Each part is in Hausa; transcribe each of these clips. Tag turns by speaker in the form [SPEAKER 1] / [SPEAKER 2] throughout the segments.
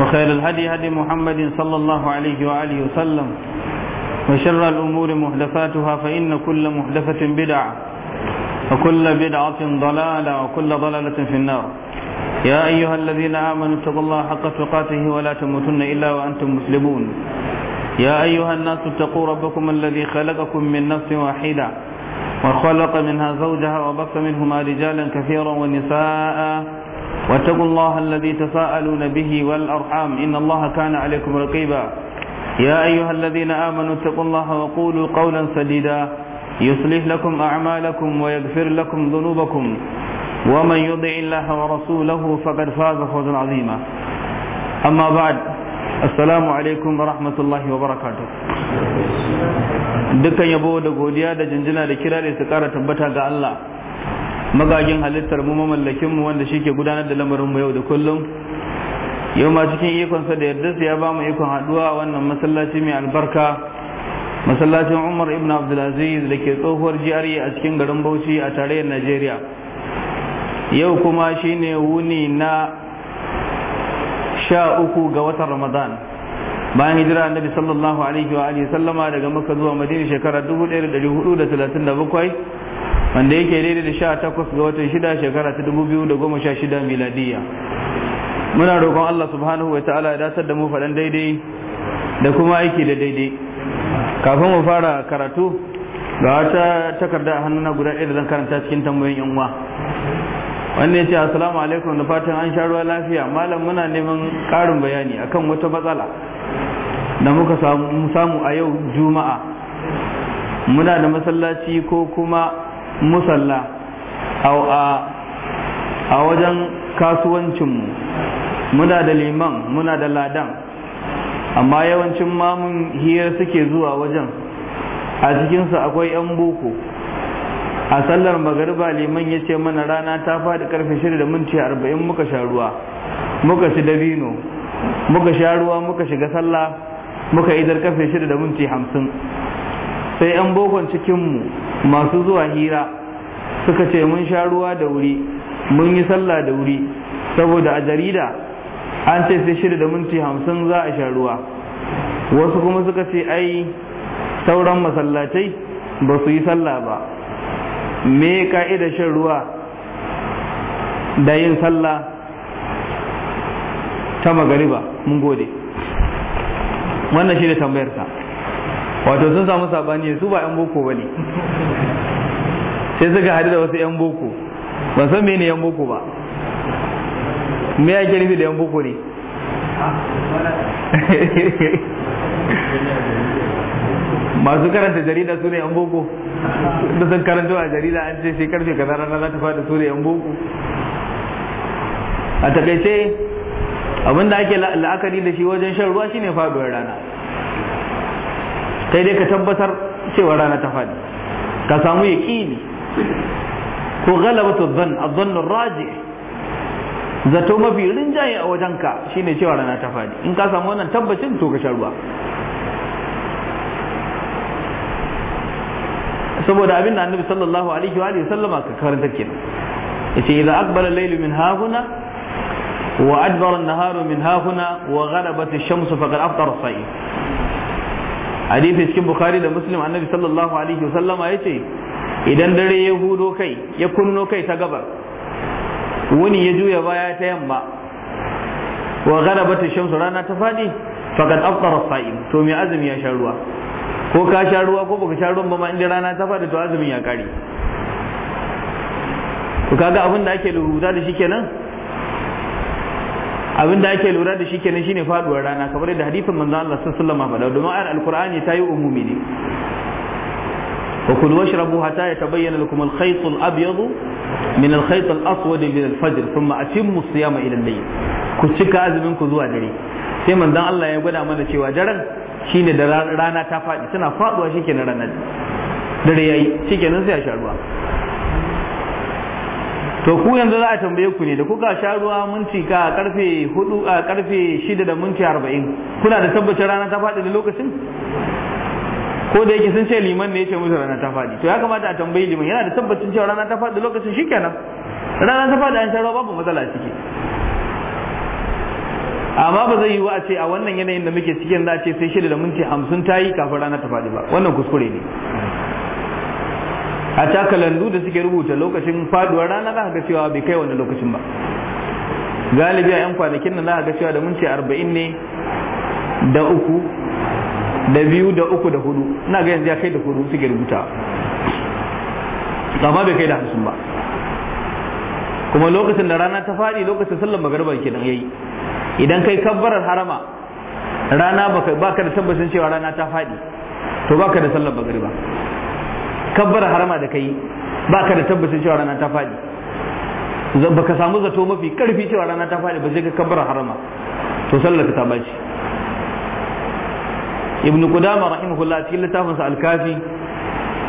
[SPEAKER 1] وخير الهدي هدي محمد صلى الله عليه وآله وسلم وشر الأمور محدثاتها فإن كل محدثة بدعة وكل بدعة ضلالة وكل ضلالة في النار يا أيها الذين آمنوا اتقوا الله حق تقاته ولا تموتن إلا وأنتم مسلمون يا أيها الناس اتقوا ربكم الذي خلقكم من نفس واحدة وخلق منها زوجها وبث منهما رجالا كثيرا ونساء واتقوا الله الذي تساءلون به والأرحام إن الله كان عليكم رقيبا يا أيها الذين آمنوا اتقوا الله وقولوا قولا سديدا يصلح لكم أعمالكم ويغفر لكم ذنوبكم ومن يطع الله ورسوله فقد فاز فوزا عظيما أما بعد السلام عليكم ورحمة الله وبركاته dukkan yabo da godiya da jinjina da kira da su tabbata ga Allah magagin halittar mu mamallakin mu wanda shi ke gudanar da lamarin mu yau da kullum yau ma cikin ikonsa da yarda ya ba mu ikon haduwa wannan masallaci mai albarka masallacin Umar ibn Abdulaziz da ke tsohuwar jiyari e a cikin garin Bauchi a tarayyar Najeriya yau kuma shine wuni na sha uku ga watan Ramadan bayan hijira annabi sallallahu alaihi wa alihi sallama daga Makka zuwa Madina shekara 1437 wanda yake daidai da sha takwas ga watan shida shekara ta dubu biyu da goma sha shida miladiya muna roƙon Allah subhanahu wa ta'ala ya datar da mu faɗan daidai da kuma aiki da daidai kafin mu fara karatu ga wata takarda a hannuna guda ɗaya da zan karanta cikin tambayoyin yan uwa wanda ya ce assalamu alaikum da fatan an sha ruwa lafiya malam muna neman ƙarin bayani akan wata matsala da muka samu a yau juma'a muna da masallaci ko kuma musalla a wajen kasuwancinmu muna da liman muna da ladan amma yawancin mamun hiyar suke zuwa wajen a cikinsu akwai 'yan boko a sallar magariba liman ya ce mana rana ta faɗi karfe shida da minti arba'in muka sha ruwa muka ci dabino muka sha ruwa muka shiga sallah muka idar karfe shida da minti hamsin sai 'yan bokon cikinmu masu zuwa hira suka ce mun sha ruwa da wuri mun yi sallah da wuri saboda a jarida an ce sai shida da minti hamsin za a sha ruwa wasu kuma suka ce ai sauran masallatai ba su yi sallah ba me ka'idar shan ruwa da yin sallah ta magariba mun gode wannan shi ne tambayarsa wato sun samu sabani su ba yan boko ba ne sai suka hadu da wasu yan boko ban san mene yan boko ba me ya ke nufi da yan boko ne masu karanta jarida su ne yan boko da sun karanta a jarida an ce sai karfe ka rana za ta fada su ne yan boko a takaice abinda ake la'akari da shi wajen shan ruwa shine faduwar rana sai dai ka tabbatar cewa rana ta faɗi ka samu ya yaƙini ko galabatu zan azannu raji zato mafi rinjaye a wajenka shine cewa rana ta faɗi in ka samu wannan tabbacin to ka sha ruwa saboda abin da annabi sallallahu alaihi wa alihi sallama ka karanta kenan yace idza aqbala al-laylu min hahuna wa adbara an-naharu min hahuna wa ghalabat ash-shamsu faqad aftara as-sa'im hadisi cikin bukhari da muslim annabi sallallahu alaihi wasallama yace idan dare ya hudo kai ya kunno kai ta gabar wani ya juya baya ta yamma wa gharabata shamsu rana ta fadi faqad afṭara as-sa'im to mai azumi ya sha ruwa ko ka sha ruwa ko baka sha ruwan ba ma inda rana ta fadi to azumin ya kare to kaga abin da ake rubuta da shi kenan abin da ake lura da shi kenan shine faduwar rana kamar yadda hadisin manzo Allah sallallahu alaihi wasallam domin ayar alqur'ani ta yi umumi ne wa kulu washrabu ta bayyana lakum al-khayt al-abyad min al-khayt al-aswad min al-fajr thumma atimmu siyama ku cika azumin ku zuwa dare sai manzan Allah ya gwada mana cewa daren shine da rana ta faɗi tana faduwa shikenan ranar dare yayi shikenan sai a sha ruwa to ku yanzu za a tambaye ku ne da kuka sha ruwa minti ka karfe 4 a karfe shida da minti arba'in kuna da tabbacin rana ta faɗi da lokacin ko da yake sun ce liman ne ya ce musu rana ta faɗi to ya kamata a tambayi liman yana da tabbacin cewa rana ta faɗi da lokacin shikenan rana ta faɗi an sha ruwa babu matsala cike. ciki amma ba zai yiwu a ce a wannan yanayin da muke cikin za a ce sai shida da minti hamsin ta yi kafin rana ta faɗi ba wannan kuskure ne a takalandu da suke rubuta lokacin faduwar rana za ga cewa bai kai wani lokacin ba galibi a 'yan kwanakin nan za ga cewa da mun ce arba'in ne da uku da biyu da uku da hudu ina ga yanzu ya kai da hudu suke rubuta amma bai kai da hamsin ba kuma lokacin da rana ta faɗi lokacin sallar magariba nan yayi idan kai kabbarar harama rana baka da tabbacin cewa rana ta faɗi to baka da sallar magariba kabbar harama da kai ba ka da tabbacin cewa rana ta faɗi ba ka samu zato mafi karfi cewa rana ta faɗi ba sai ka kabbar harama to sallar ta baci ibn qudama rahimahullah cikin littafinsa al-kafi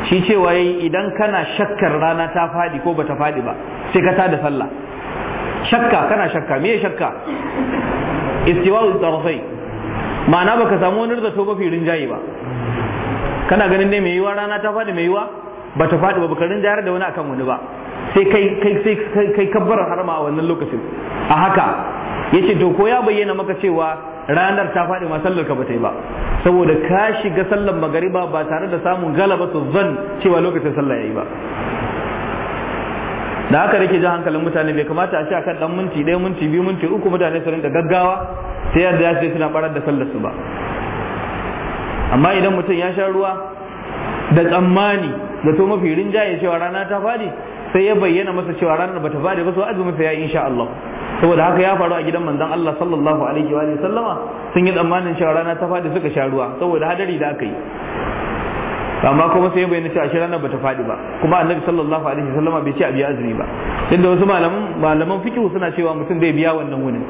[SPEAKER 1] shi cewa yayi idan kana shakkar rana ta faɗi ko bata faɗi ba sai ka tada sallah shakka kana shakka me shakka istiwa'u tarfai ma'ana baka samu wani zato mafi rinjayi ba kana ganin ne mai yiwa rana ta faɗi mai yiwa ba ta faɗi ba karin jayar da wani akan wani ba sai kai kai sai kai kabbarar harma a wannan lokacin a haka yace to ko ya bayyana maka cewa ranar ta faɗi ma sallar ka ba ta yi ba saboda ka shiga sallar magariba ba tare da samun galaba su zan cewa lokacin sallah yayi ba da haka rike jan hankalin mutane bai kamata a ce akan dan minti ɗaya minti biyu minti uku mutane su rinka gaggawa sai yadda ya ce suna barar da sallar su ba amma idan mutum ya sha ruwa da tsammani zato mafi rinjaye cewa rana ta fadi sai ya bayyana masa cewa ranar ta fadi ba so azumin masa ya insha Allah saboda haka ya faru a gidan manzon Allah sallallahu alaihi wa sallama sun yi tsammanin cewa rana ta fadi suka sha ruwa saboda hadari da aka yi amma kuma sai bayyana cewa shi ranar bata fadi ba kuma annabi sallallahu alaihi wasallama bai ce a biya azumi ba inda wasu malaman malaman fiqh suna cewa mutum zai biya wannan wunin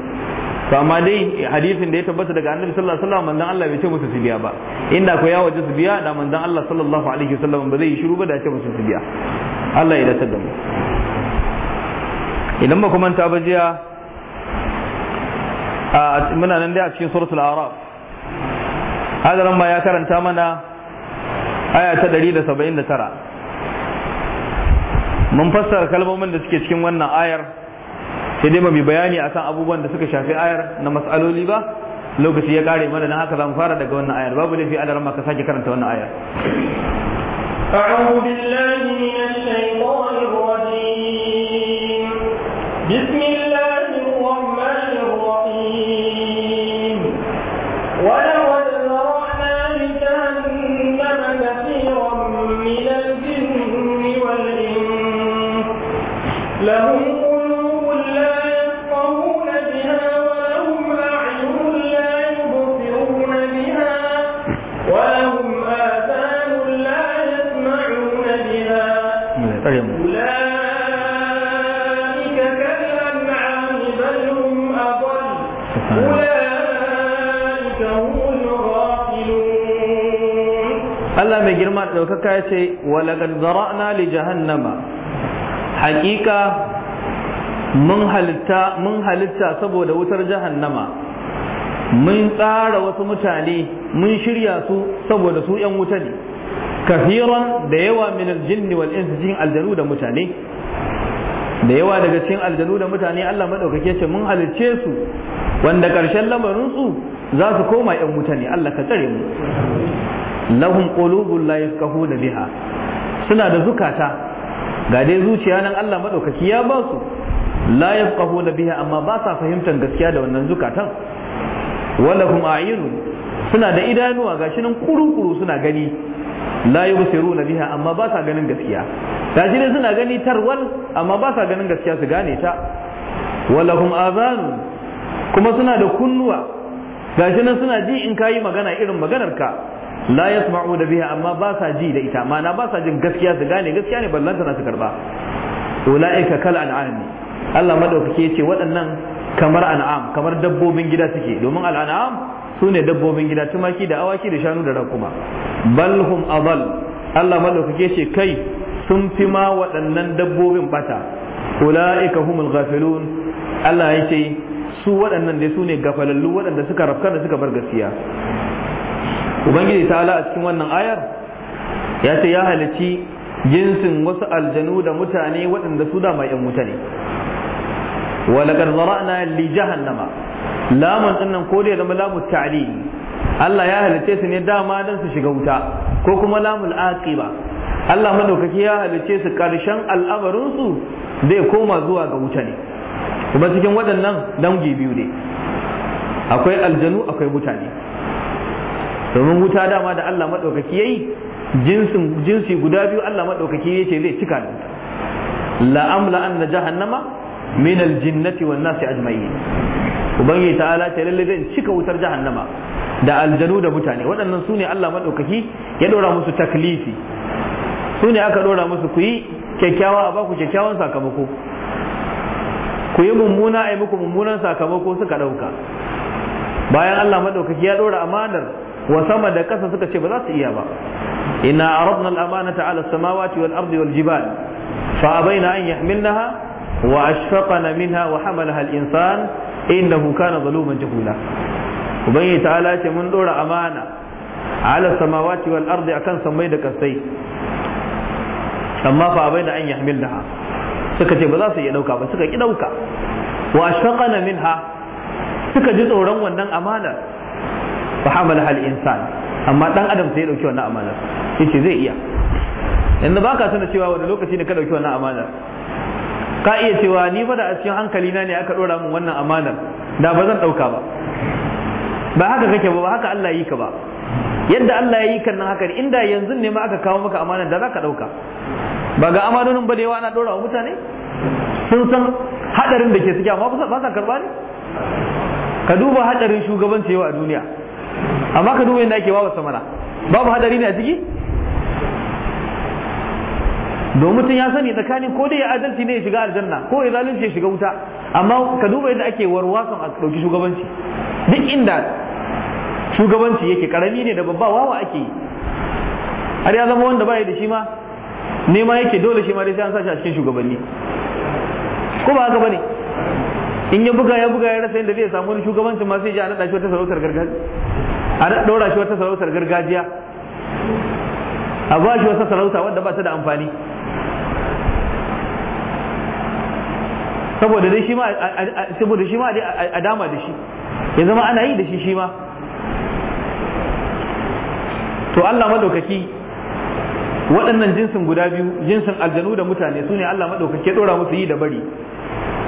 [SPEAKER 1] to amma dai hadisin da ya tabbata daga annabi sallallahu alaihi wasallam manzon Allah bai ce musu su biya ba inda ko ya waje su biya da manzon Allah sallallahu alaihi wasallam ba zai yi shiru ba da ce musu su biya Allah ya da tada mu idan ba kuma ta ba jiya a muna nan dai a cikin suratul araf hadaran ma ya karanta mana aya ta 179 mun fassara kalmomin da suke cikin wannan ayar sai dai ba mu bayani akan abubuwan da suka shafi ayar na mas'aloli ba lokaci ya kare mana dan haka zamu fara daga wannan ayar babu laifi a ma ka sake karanta wannan ayar
[SPEAKER 2] أعوذ بالله من الشيطان الرجيم بسم الله Allah mai
[SPEAKER 1] girma الله ما يجرم لو كاكايتي ولقد ذرأنا na حقيقة mun halitta mun halitta saboda wutar jahannama mun tsara wasu mutane mun shirya su saboda su yan wuta ne kafiran da yawa min aljinni wal su cikin aljanu da mutane da yawa daga cikin aljanu da mutane Allah maɗaukake ce mun halicce su wanda ƙarshen lamarin su za su koma ‘yan mutane. Allah ka tsare mu lahum qulubun la yafqahuna biha suna da zukata ga dai zuciya nan Allah madaukaki ya ba su la yafqahuna biha amma ba sa fahimtar gaskiya da wannan zukatan walahum a'yunun suna da idanuwa shi nan kuru-kuru suna gani la yubsiruna biha amma ba sa ganin gaskiya gashi ne suna gani tarwal amma ba sa ganin gaskiya su gane ta walahum azanun kuma suna da kunnuwa gashi nan suna ji in kayi magana irin maganar ka la yasma'u da biha amma ba sa ji da ita ma'ana ba sa jin gaskiya su gane gaskiya ne ballanta na su karba ulaika kal an'ami Allah madaukake yace waɗannan kamar an'am kamar dabbobin gida suke domin al'an'am sune dabbobin gida tumaki da awaki da shanu da rakuma balhum adal Allah madaukake ce kai sun fi ma waɗannan dabbobin bata ulaika humul ghafilun Allah ya ce su waɗannan dai su ne gafalallu waɗanda suka da suka bar gaskiya ubangiji ta'ala a cikin wannan ayar ya ce ya halici jinsin wasu aljanu da mutane waɗanda su da mai yan mutane walaqad zara'na li jahannama lamun dinnan ko da zama lamu ta'li Allah ya halice su ne dama dan su shiga wuta ko kuma lamul aqiba Allah madaukaki ya halice su karshen al'amarin su zai koma zuwa ga wuta ne kuma cikin waɗannan dangi biyu ne akwai aljanu akwai mutane domin wuta dama da Allah maɗaukaki ya yi jinsi guda biyu Allah maɗaukaki ya ce zai cika da wuta la'amla an na jahannama min aljinnati wa nasi ajma'in ubangi ta'ala ce lalle zai cika wutar jahannama da aljanu da mutane waɗannan su ne Allah maɗaukaki ya ɗora musu taklifi su ne aka ɗora musu ku yi kyakkyawa a baku kyakkyawan sakamako ku yi mummuna a yi muku mummunan sakamako suka ɗauka bayan Allah madaukaki ya ɗora amanar wa sama da ƙasa suka ce ba za su iya ba Ina inna aradna al-amanata ala samawati wal ardi wal jibal fa abaina an yahmilnaha wa ashfaqna minha wa hamalaha al-insan innahu kana zaluman jahula ubangiji ta'ala ce mun ɗora amana ala samawati wal ardi akan sammai da kasai amma fa abaina an yahmilnaha suka ce ba za su iya ɗauka ba suka ƙi ɗauka wa shaqana minha suka ji tsoron wannan amana fa hamala hal insan amma dan adam sai ya dauki wannan amana yace zai iya yanzu baka sanin cewa wani lokaci ne ka dauki wannan amana ka iya cewa ni fa da cikin hankali na ne aka dora min wannan amana da ba zan dauka ba ba haka kake ba ba haka Allah yi ka ba yadda Allah ya yi kan nan haka inda yanzu ne ma aka kawo maka amana da zaka dauka ba ga amanonin ba da yawa ana dora wa mutane sun san hadarin da ke suke amma ba sa karba ne ka duba hadarin shugabanci yawa a duniya amma ka duba yadda ake wawa samara babu hadari ne a ciki domin mutum ya sani tsakanin ko dai ya adalci ne ya shiga aljanna ko ya zalunci ya shiga wuta amma ka duba yadda ake warwason a ɗauki shugabanci duk inda shugabanci yake karami ne da babba wawa ake yi har ya zama wanda baya da shi ma nema yake dole shi ma dai sai an sashi a cikin shugabanni ko ba haka bane in ya buga ya buga ya rasa inda zai samu wani shugabancin ma sai ji a naɗa wata sarautar gargajiya a daura shi wata sarautar gargajiya a ba shi wata sarauta wanda ba ta da amfani saboda dai shi ma saboda shi ma a dama da shi ya zama ana yi da shi shi ma to Allah madaukaki waɗannan jinsin guda biyu jinsin aljanu da mutane su ne Allah maɗaukake ɗora musu yi da bari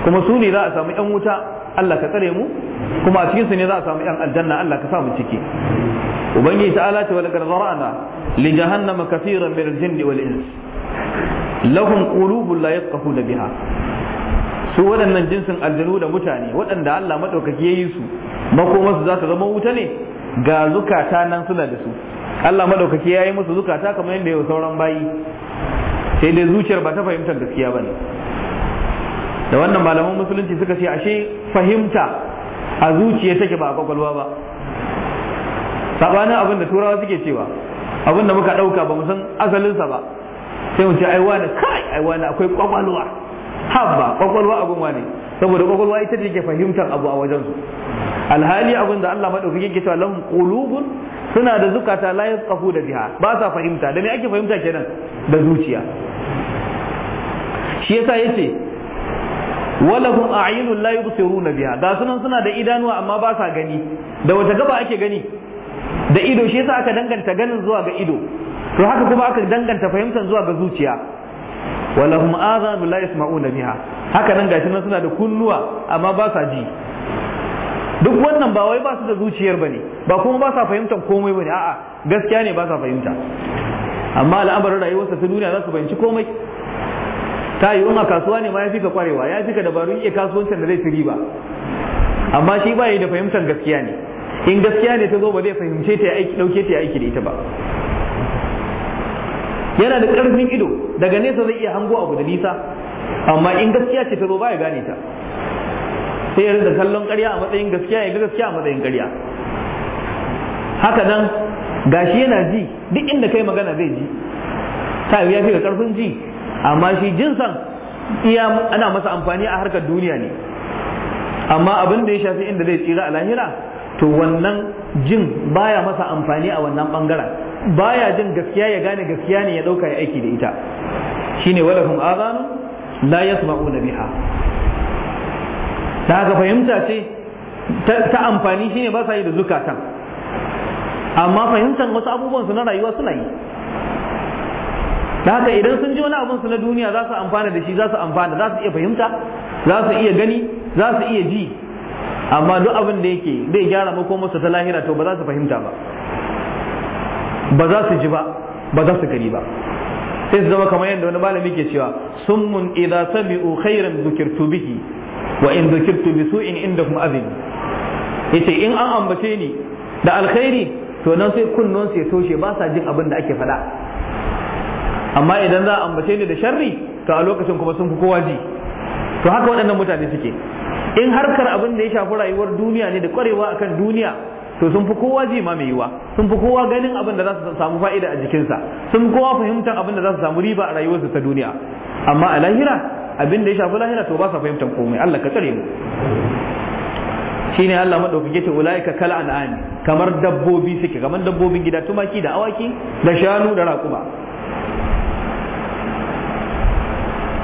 [SPEAKER 1] kuma su ne za a samu 'yan wuta Allah ka tsare mu kuma a cikinsu ne za a samu 'yan aljanna Allah ka sa mu ciki ubangiji ta'ala ce wa laqad zara'na li jahannama kathiran min al-jinni wal ins lahum qulubun la da biha su waɗannan jinsin aljanu da mutane waɗanda Allah maɗaukake ya yi su makomarsu za ta zama wuta ne ga zukata nan suna da su Allah maɗaukaki ya yi musu zukata kamar yadda yau sauran bayi sai dai zuciyar ba ta fahimtar gaskiya ba ne da wannan malaman musulunci suka ce ashe fahimta a zuciya take ba a kwakwalwa ba sabanin abin da turawa suke cewa abin da muka ɗauka ba mu san asalinsa ba sai mu ce ai wani kai ai wani akwai kwakwalwa habba kwakwalwa abin wani saboda kwakwalwa ita ce ke fahimtar abu a wajensu alhali abin da Allah maɗaukaki ke cewa lahum qulubun suna da zukata la kafu da biha ba sa fahimta da me ake fahimta kenan da zuciya shi yasa yace walahum a'yunun la yubsiruna biha ga sunan suna da idanuwa amma ba sa gani da wata gaba ake gani da ido shi yasa aka danganta ganin zuwa ga ido to haka kuma aka danganta fahimtar zuwa ga zuciya walahum azanu la yasma'una biha haka nan gashi suna da kunnuwa amma ba sa ji duk wannan ba wai ba su da zuciyar ba ne ba kuma ba sa fahimtar komai ba ne a'a gaskiya ne ba sa fahimta amma al'amarin rayuwarsa ta duniya za su fahimci komai ta yi kasuwa ne ma ya fi ka kwarewa ya fi ka dabarun iya kasuwancin da zai fi riba amma shi ba yi da fahimtar gaskiya ne in gaskiya ne ta zo ba zai fahimce ta aiki dauke ta aiki da ita ba yana da ƙarfin ido daga nesa zai iya hango abu da nisa amma in gaskiya ce ta zo ba ya gane ta sai ya rinda kallon karya a matsayin gaskiya ya ga gaskiya a matsayin ƙarya haka nan gashi yana ji duk inda kai magana zai ji ta ya fi da karfin ji amma shi jinsan iya ana masa amfani a harkar duniya ne amma abin da ya shafi inda zai tsira a lahira to wannan jin baya masa amfani a wannan bangaren baya jin gaskiya ya gane gaskiya ne ya dauka ya aiki da ita shine walahum azanu la yasma'una biha ta haka fahimta ce ta amfani shine ba sa yi da zukatan amma fahimtar wasu abubuwan su na rayuwa suna yi ta haka idan sun ji wani abun su na duniya za su amfana da shi za su amfana za su iya fahimta za su iya gani za su iya ji amma duk abin da yake zai gyara makomarsa ta lahira to ba za su fahimta ba ba za su ji ba ba za su gani ba sai su zama kamar yadda wani malami ke cewa summun idza sami'u khairan dhukirtu bihi wa in dhukirtu bi su'in indakum azim yace in an ambace ni da alkhairi to nan sai kunnon sai toshe ba sa jin abin da ake faɗa amma idan za a ambace ni da sharri to a lokacin kuma sun fi kowa ji to haka waɗannan mutane suke in harkar abin da ya shafi rayuwar duniya ne da kwarewa akan duniya to sun fi kowa ji ma mai yiwa sun fi kowa ganin abin da za su samu fa'ida a jikinsa sun fi kowa fahimtar abin da za su samu riba a rayuwarsu ta duniya amma a lahira abin da ya shafi lahira to ba sa fahimtar komai Allah ka tsare mu shine Allah madauki ta ulaika kal an'ami kamar dabbobi suke kamar dabbobin gida tumaki da awaki da shanu da raƙuma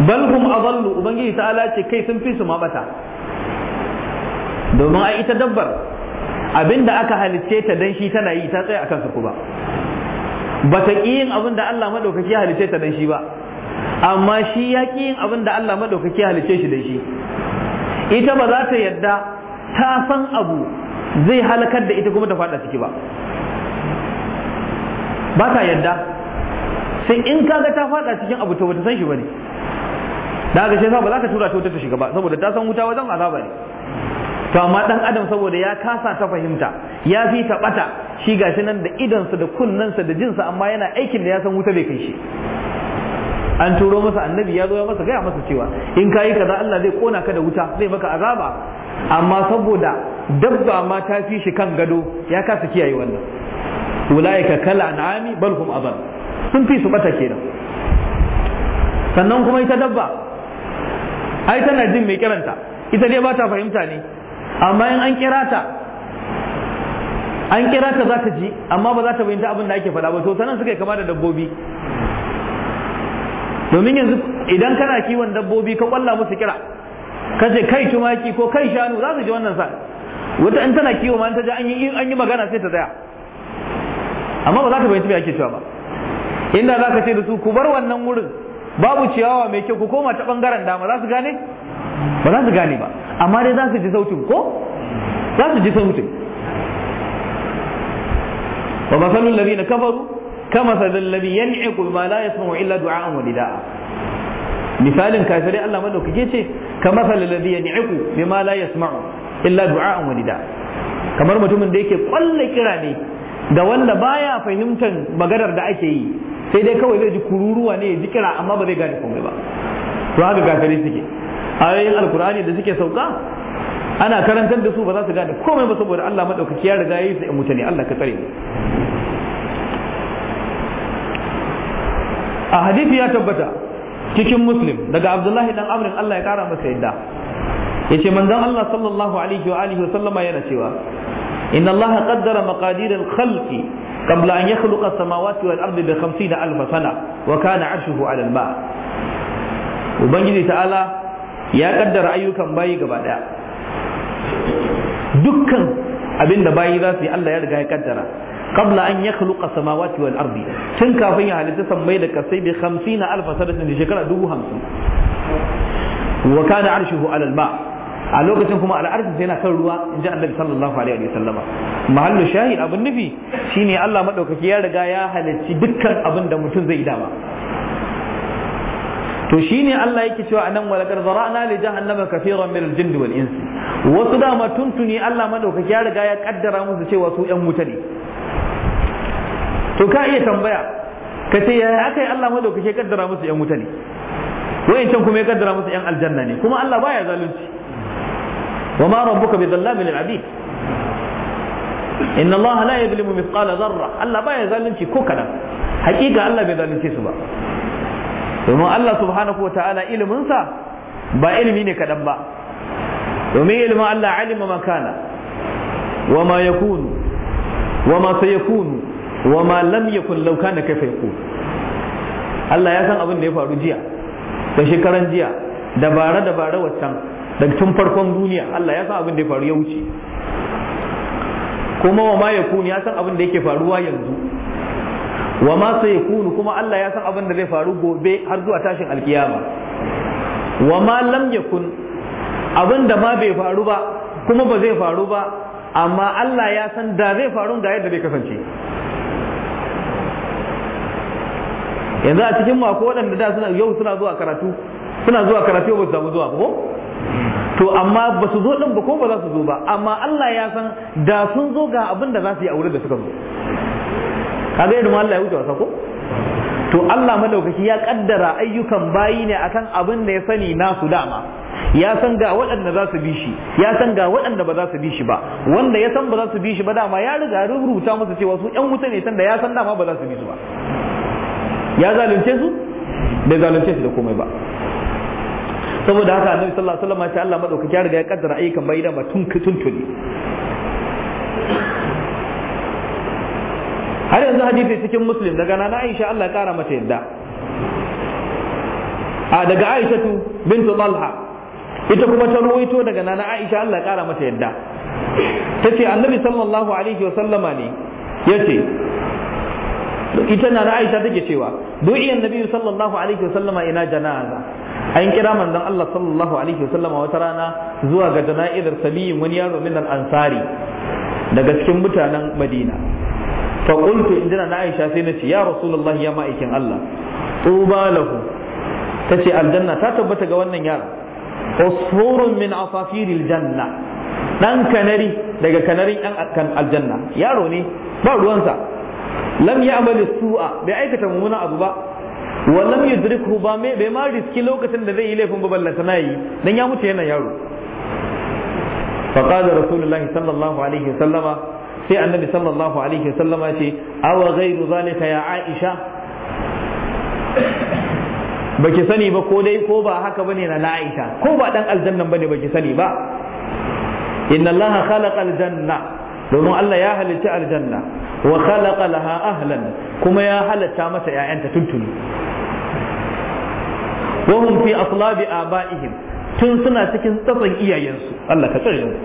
[SPEAKER 1] bal hum adallu ubangiji ta'ala ce kai sun fi su mabata domin ai ita dabbar abinda aka halicce ta dan shi tana yi ta tsaya akan su ba bata yin abin da Allah madaukake ya halicce ta dan shi ba amma shi ya ƙi yin abin da Allah madaukaki halice shi da shi ita ba za ta yadda ta san abu zai halakar da ita kuma ta fada ciki ba ba ta yadda sai in kaga ta fada cikin abu to ta san shi bane da ga shi ba za ka tura ta wuta ta shiga ba saboda ta san wuta wajen azaba ne to amma dan adam saboda ya kasa ta fahimta ya fi ta bata shi gashi nan da idansa da kunnensa da jinsa amma yana aikin da ya san wuta bai kai shi an turo masa annabi ya zo ya masa gaya masa cewa in kayi kaza Allah zai kona ka da wuta zai maka azaba amma saboda dabba ma ta fi shi kan gado ya kasa kiyaye wannan ulaika kala an'ami bal hum adal sun fi su bata kenan sannan kuma ita dabba ai tana jin mai kiranta ita dai ba ta fahimta ne amma in an kira ta an kira ta za ta ji amma ba za ta fahimta abin da ake faɗa ba to sanan suka yi kama da dabbobi domin yanzu idan kana kiwon dabbobi ka kwalla musu kira ka ce kai tumaki ko kai shanu za su ji wannan sa wata in tana kiwo ma ta ji an yi magana sai ta tsaya amma ba za ta fahimci me ake cewa ba inda za ka ce da su ku bar wannan wurin babu ciyawa mai kyau ku koma ta bangaren dama za su gane ba za su gane ba amma dai za su ji sautin ko za su ji sautin wa masalul ladina kafaru kama sadal ladhi yan'iqu bima la yasma'u illa du'a'an wa nida'a misalin kafirai Allah madaukake ce kama sadal ladhi yan'iqu ma la yasma'u illa du'a'an wa nida'a kamar mutumin da yake kwalle kira ne ga wanda baya fahimtar maganar da ake yi sai dai kawai zai ji kururuwa ne ya ji kira amma ba zai gane komai ba to haka kafirai suke ayoyin alkur'ani da suke sauka ana karantar da su ba za su gane komai ba saboda Allah madaukaki ya riga ya yi su in mutane Allah ka tsare mu a hadithi ya tabbata cikin muslim daga abdullahi dan amrin allah ya kara masa yadda ya ce allah sallallahu alaihi wa alihi wasallama yana cewa inna allaha qaddara maqadir al-khalqi qabla an yakhluqa as-samawati wal ardi bi 50 alf sana wa kana 'arshuhu 'ala al-ma' ubangiji ta'ala ya kaddara ayyukan bayi gaba daya dukkan abinda bayi za su allah ya riga ya kaddara Kabla an yakhluqa samawati wal ardi tun kafin ya halitta sammai da kasai bi 50 alf sanatin da shekara 50 wa kana arshuhu ala al a lokacin kuma al'arshi yana kan ruwa in ji annabi sallallahu alaihi wa sallama mahallu shahid abin nufi shine Allah madaukaki ya riga ya halicci dukkan abin mutum zai dama to shine Allah yake cewa anan wala kar ana li jihar kaseeran min al-jinn wal insi wasu dama tuntuni Allah madaukaki ya riga ya kaddara musu cewa su yan wuta ne to ka iya tambaya ka ce yaya aka yi Allah madaukake kaddara musu yan wuta ne can kuma ya kaddara musu yan aljanna ne kuma Allah baya zalunci wa ma rabbuka bi dhallamin lil abid inna Allah la yuzlimu mithqala dharra Allah baya zalunci ko kadan hakika Allah bai zalunce su ba domin Allah subhanahu wa ta'ala ilimin sa ba ilimi ne kadan ba domin ilimin Allah alima ma kana wa ma yakunu wa ma sayakunu wa ma lam yakun law kana kaifa ku? Allah ya san abin da ya faru jiya da shekaran jiya da bara da waccan da tun farkon duniya Allah ya san abin da ya faru ya wuce kuma wa ma yakun ya san abin da yake faruwa yanzu wa ma sayakunu kuma Allah ya san abin da zai faru gobe har zuwa tashin alkiyama wa ma lam yakun abin da ma bai faru ba kuma ba zai faru ba amma Allah ya san da zai faru ga yadda zai kasance yanzu a cikin mako waɗanda da suna yau suna zuwa karatu suna zuwa karatu ba su samu zuwa ba ko to amma ba su zo din ba ko ba za su zo ba amma Allah ya san da sun zo ga abin da za su yi a wurin da suka zo kaga yadda Allah ya wuce wasa ko to Allah madaukaki ya kaddara ayyukan bayi ne akan abin da ya sani nasu dama ya san ga waɗanda za su bi shi ya san ga waɗanda ba za su bi shi ba wanda ya san ba za su bi shi ba dama ya riga rubuta musu cewa su ƴan wuta ne tunda ya san dama ba za su bi su ba ya zalunce su bai zalunce su da komai ba saboda haka annabi sallallahu alaihi wasallam ya Allah madaukaki ya riga ya kaddara ayyukan bai da tun tuntuni har yanzu hadisi cikin muslim daga nana Aisha Allah ya kara mata yadda a daga Aisha tu bintu Talha ita kuma ta ruwaito daga nana Aisha Allah ya kara mata yadda tace annabi sallallahu alaihi wasallama ne yace ita na Aisha take cewa du'i annabi sallallahu alaihi wasallama ina janaza an kira manzon Allah sallallahu alaihi wasallama wata rana zuwa ga jana'izar sabiyin wani yaro min al-ansari daga cikin mutanen Madina fa qultu indina na Aisha sai nace ya rasulullahi ya ma'aikin Allah tuba lahu tace aljanna ta tabbata ga wannan yaro usfurun min asafiril janna dan kanari daga kanarin yan aljanna yaro ne ba ruwansa lam ya'mal su'a bai aikata mummunan abu ba wa lam yudrikhu ba bai ma riski lokacin da zai yi laifin ba ballanta yi, dan ya mutu yana yaro fa qala rasulullahi sallallahu alaihi wasallama sai annabi sallallahu alaihi wasallama ce aw ghayru zalika ya aisha baki sani ba ko dai ko ba haka bane na Aisha ko ba dan aljannan bane baki sani ba inna allaha khalaqa aljanna domin Allah ya halitta aljanna wa khalaqa laha ahlan kuma ya halatta mata ƴaƴanta tuntuni wa hum fi aslabi abaihim tun suna cikin tsatsan iyayensu Allah ka tsare mu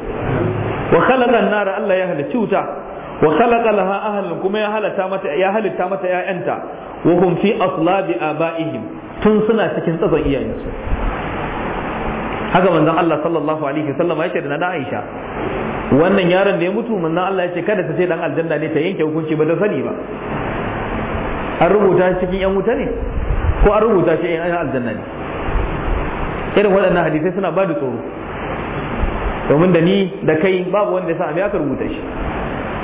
[SPEAKER 1] wa khalaqa nara Allah ya halitta wuta wa khalaqa laha ahlan kuma ya halatta mata ya halitta mata ƴaƴanta wa hum fi aslabi abaihim tun suna cikin tsatsan iyayensu haka manzon Allah sallallahu alaihi wasallam yake da na Aisha wannan yaron da ya mutu mun manzon Allah ya ce kada ta ce dan aljanna ne ta yanke hukunci ba ta sani ba an rubuta shi cikin yan wuta ne ko an rubuta shi yan aljanna ne irin waɗannan hadisai suna ba da tsoro domin da ni da kai babu wanda ya sa abin aka rubuta shi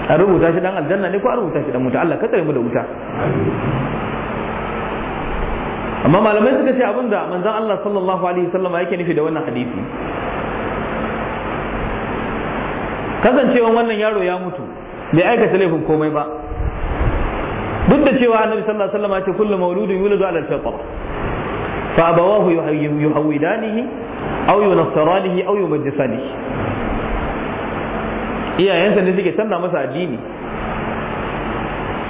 [SPEAKER 1] an rubuta shi dan aljanna ne ko an rubuta shi dan wuta Allah ka tsare mu da wuta amma malamai suka ce abin da manzon Allah sallallahu alaihi wasallam yake nufi da wannan hadisi kasancewan wannan yaro ya mutu bai aikata laifin komai ba duk da cewa annabi sallallahu alaihi wasallam ya ce kullu mauludin yuladu ala al-fitra fa abawahu yuhawidanihi aw yunassaranihi aw yumajjisanihi iyayensa ne suke canza masa addini